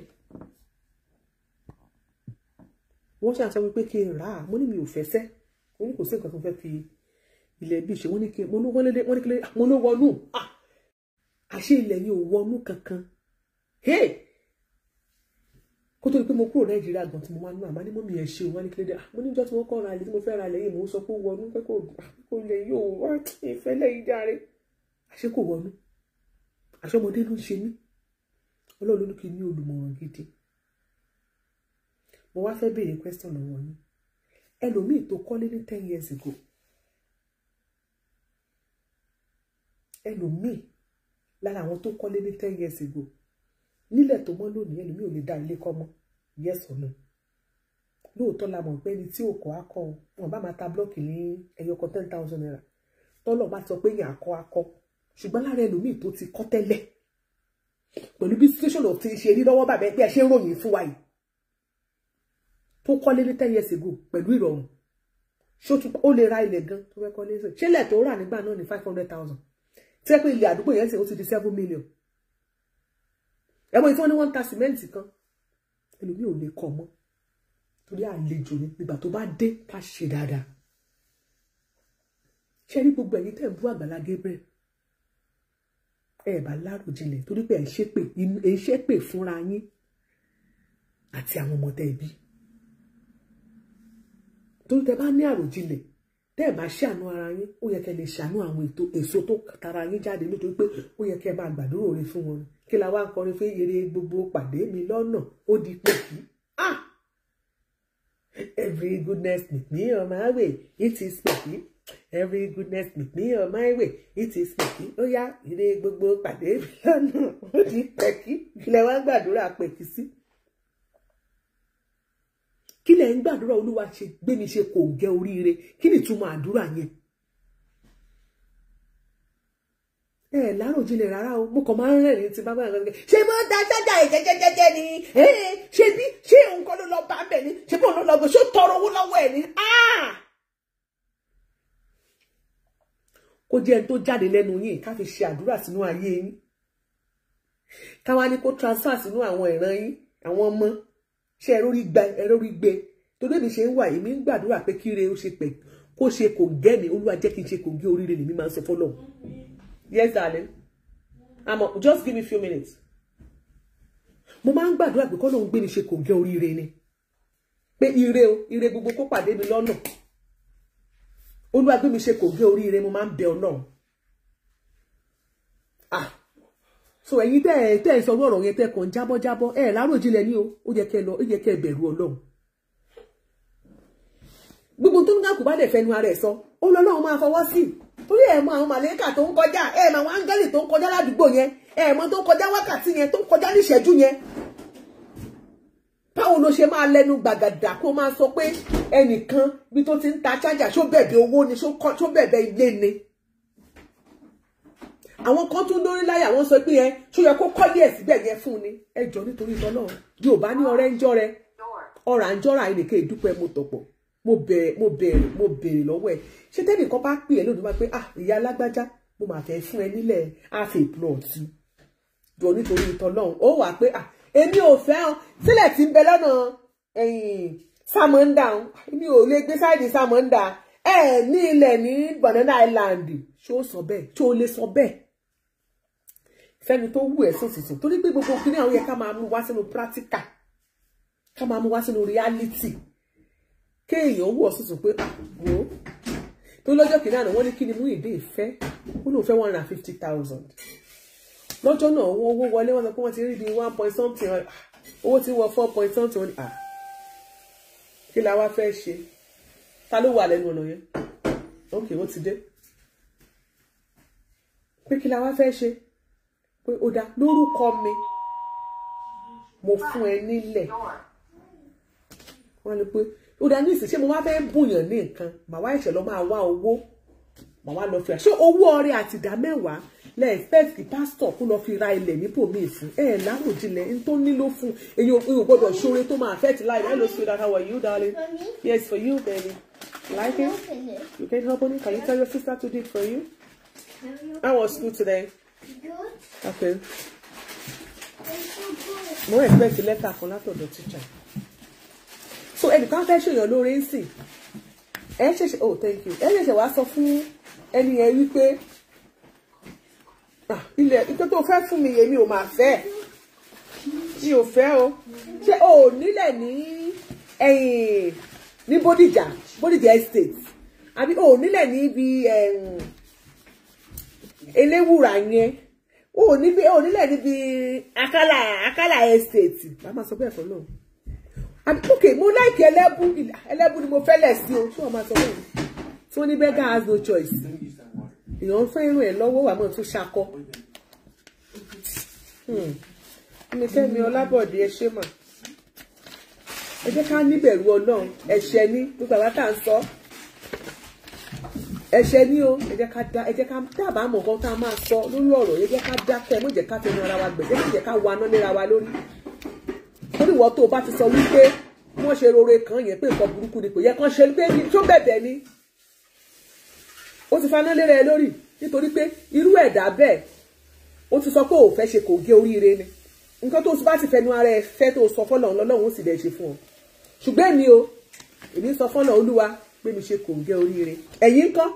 wọ́n ṣàṣọ wípé kí n ràá mo ní mi ò fẹ́ sẹ́ mo kò sí nǹkan tó fẹ́ fi ilẹ̀ bí ìṣe wọ́n ní kí wọ́n lé wọ́n ní kí ah, wọ́n ló wọnú ah. àṣé ilẹ̀ yìí ò wọnú kankan kó tó di pé mo kúrò nàìjíríà gan tí mo wá nú àmọ́ ní mọ́ mi ẹ̀ ṣe wọ́n ní kí ló dé ah, mo níjọ́ tí wọ́n kọ́ ra ilé tí mo fẹ́ ra ilẹ̀ yìí mo sọ pé ó pé kò ilẹ̀ yìí ò wọ́n ìfẹ́ lẹ́yìn dáre àṣé kò wọnú àṣé ọmọdé ló ń ṣe mí ọlọ́run ló ní olùmọ̀ràn gidi ní ten ẹlòmíì lára àwọn tó kọ́lé ní ten years ago nílẹ̀ tó mọ́ lónìí ẹlòmíì ò lè dá ilé kọ́ mọ́ yes or no lóòótọ́ la mọ̀ pé ẹni tí ò kọ́ akọ́ wọn bá máa ta blọ́ọ̀kì ní ẹyọkọ ten thousand naira tọ́lọ̀ bá sọ pé yẹn akọ́ akọ́ ṣùgbọ́n lára ẹlòmíì tó ti kọ́ tẹ́lẹ̀ pẹ̀lú bí situation of ti ṣe rí lọ́wọ́ bàbá ẹgbẹ́ ṣe ń ròyìn fún wa yìí tó kọ́lé ní ten years ago pẹ̀lú ìrọ̀rùn ṣó ó lè ra ilẹ̀ gan tó fẹ́ kọ́lé ṣe ṣẹlẹ̀ tó rà nígbà náà ní five hundred thousand tẹ́ pé ilẹ̀ àdúgbò yẹn sì ó ti di seven million ẹ̀mọ́ ìfọ́n ni wọ́n ń ta sìmẹ́ǹtì kan ẹlòmíì ò lè kọ́ mọ́ torí àlejò ni ìgbà tó bá dé ká ṣe dáadáa ṣe rí gbogbo ẹ̀yin tẹ́ ń bú Àgbàlá Gabriel ẹ bá láròjinlẹ̀ torí pé ẹ ń ṣépè fúnra yín àti àwọn ọmọ tẹ́ torí tẹ́ bá ní àròjinlẹ̀ tẹ́ ẹ̀ bá ṣàánú ara yín ó yẹ kẹ́ lè ṣàánú àwọn ètò èso tó tara yín jáde nítorí pé ó yẹ kẹ́ bá gbàdúrò rẹ fún wọn kí la wá ń kọrin fún eré gbogbo pàdé mi lọ́nà ó di pòkì ah every goodness meet me on my way it is pòkì every goodness meet me on my way it is pòkì ó yá eré gbogbo pàdé mi lọ́nà ó di pòkì kí la wá gbàdúrà pòkì sí kí lẹ̀ ń gbàdúrà olúwa ṣe gbé mi ṣe kò ń gẹ oríire kí ni ìtumọ̀ àdúrà yẹn. ẹ ẹ láròjinlẹ̀ rárá o mo kàn máa ń rẹ́rìn tí bàbá rẹ gẹ́gẹ́ ṣé mo ń ta sájà ẹ jẹjẹjẹjẹ ni ṣé bí ṣé òun ló lọ bá bẹ ni ṣé bí òun ló lọ gbé ṣé ó tọrọ owó lọ́wọ́ ẹ ni. Ah! kó jẹ́ ẹni tó jáde lẹ́nu yín ká fi ṣe àdúrà sínú ayé yín káwa ni kó transfer sínú àwọn ìran yín àwọn ọmọ ṣé ẹ̀rọ rí gba ẹ̀rọ rí gbé torí èmi ṣe ń wà èmi ń gbàdúrà pé kíre ó ṣe pẹ̀ kó ṣe kò gẹ́ mi olúwa jẹ́ kí n ṣe kò gé oríire lèmi máa ń sọ fọ́lọ̀ yes darling i'm just give me few minutes mo máa ń gbàdúrà pé kọ́nà ń gbé mi ṣe kò gé oríire ni pé ire o ire gbogbo kó pàdé mi lọ́nà olúwa gbé mi ṣe kò gé oríire mo máa ń bẹ ọ náà so ẹ̀yin tẹ́ ẹ tẹ́ ẹ sọ ọ̀rọ̀ yẹn tẹ́ kàn jábọ́jábọ́ ẹ láròjinlẹ̀ ni o ó yẹ lọ ó yẹ bẹ̀rù Ọlọ́run gbogbo tó ń dàkú bá dẹ̀ fẹnu ara sọ ó lọ náà máa sí torí mọ àwọn màlẹ́kà tó ń kọjá mọ àwọn áńgẹ́lì tó ń kọjá ládùúgbò yẹn mọ tó ń wákàtí yẹn tó ń kọjá yẹn báwo ló ṣe máa lẹnu gbàgàdà kó máa sọ pé ẹnìkan bí tó ti ń ta ṣó owó ni ṣó ilé àwọn kan tún lórí láyà wọ́n sọ pé ẹ ṣó yẹ kó kọ́lé ẹ̀ síbẹ̀ yẹn fún ni ẹ jọ nítorí lọ́lọ́ yóò bá ní ọ̀rẹ́ ń jọrẹ ọ̀rà ń jọra ẹnìkan ìdúpẹ́ mo tọ̀pọ̀ mo bẹ̀rẹ̀ mo bẹ̀rẹ̀ mo bẹ̀rẹ̀ lọ́wọ́ ẹ̀ ṣé tẹ́nìkan bá pè ẹ́ lónìí wá pé ah ìyá alágbájá mo mà fẹ́ fún ẹ nílẹ̀ half a plot jọ nítorí ìtọ́lọ́hún ó wà pé ah èmi ò fẹ́ ọ sílẹ̀ tí ń bẹ lọ́nà samanda mi ò lè gbé sáìdì samanda ẹ ní ilẹ̀ ní Banana Island ṣó sọ bẹ́ẹ̀ ṣó lè sọ bẹ́ẹ̀ fẹ́ni tó wù ẹ́ sínsìnsìn torí pé gbogbo kiri àwọn yẹ ká máa mú wá sínú practical ká máa mú wá sínú reality kéèyàn wù ọ́ sínsìn pé àgbo ah, tó lọ́jọ́ kìíní àná wọ́n ní kí ni mú ìdí ìfẹ́ ó lóun fẹ́ one hundred and fifty thousand lọ́jọ́ náà owó owó wọlé wọn sọ pé wọ́n ti rí di one point something ah, owó ti wọ four point something ah kí la wá fẹ́ ṣe ta ló wà lẹ́nu ọ̀nà yẹn ok wọ́n ti dé pé kí la wá fẹ́ ṣe pé ó dá lórúkọ mi mo fún ẹ nílẹ̀ wọ́n lè pé ó dá ní ìsìn ṣé mo wá fẹ́ bùyàn ní nǹkan màá wá ìṣẹ̀ lọ máa wá owó màá wá lọ fi ṣé owó ọrẹ àti ìdá mẹ́wàá lẹ ẹ̀fẹ́ẹ̀kì pásítọ̀ kó lọ fi ra ilẹ̀ níbòmíì fún ẹ ẹ̀ láròjinlẹ̀ n tó nílò fún èyí ò gbọ́dọ̀ ṣoore tó máa fẹ́ẹ̀tì láì hello sweetheart how are you darling yes for you baby like it you can help me can you tell your sister to do it for you how was school today. Okay. Mo expect lẹ́tà kan látọ̀dọ̀ teacher. So ẹnìkan fẹ́ ṣèyàn lóore ń sìn. Ẹ oh thank you. Ẹ ṣẹ̀ṣẹ̀ wá sọ fún ẹni yẹn wípé ah, ilẹ̀ ìtọ́ tó fẹ́ fún mi èmi ò máa fẹ́ mi ò fẹ́ o ṣé o ò nílẹ̀ ní ẹ̀yìn ní Bódìjà Bódìjà estate àbí o ò nílẹ̀ ní ibi ẹ̀yìn eléwùrà yẹn ó níbi ó nílẹ̀ níbi akálà akálà estate màmá sọ bẹ́ẹ̀ fọ́ náà ok mo láìkí ẹlẹ́bù ẹlẹ́bù ni mo fẹ́ lẹ̀ sí o tí wọ́n máa sọ bẹ́ẹ̀ tí wọ́n ní beggar has no choice èèyàn ń fẹ́ irun ẹ̀ lọ́wọ́ àmọ́ tún ṣakọ. Hmm. mi fẹ́mi ọlábọ̀dé ẹ ṣé mà ẹ jẹ́ ká níbẹ̀rù ọlọ́run ẹ̀ṣẹ̀ ní gbogbo àwa tá ń sọ ẹ̀ṣẹ̀ ni o ẹ jẹ́ ká dá ẹ jẹ́ ká dábàá mọ̀ kan tá a máa sọ lórí ọ̀rọ̀ ẹ jẹ́ ká dákẹ́ mọ̀ jẹ́ ká tẹnu ara wa gbẹ̀ ẹ jẹ́ ká wa aná léra wa lórí torí wọ́n tó o bá ti sọ wípé wọ́n ṣe rore kan yẹn pé nǹkan burúkú ni kò yẹ kán ṣe pé tó bẹ̀bẹ̀ ni ó ti faná léra ẹ lórí nítorí pé irú ẹ̀dá bẹ́ẹ̀ ó ti sọ pé ò fẹ́ ṣe kò gé oríire ni nǹkan tó o bá ti fẹnu ara ẹ fẹ́ tó o sọ fọ́lọ́run lọ́lọ́run ó sì dẹ̀ ṣe fún ọ ṣùgbọ́n èmi o èmi sọ fọ́lọ́run olúwa pé mi ṣe kò ń gẹ́ oríire ẹ̀yin ńkọ́.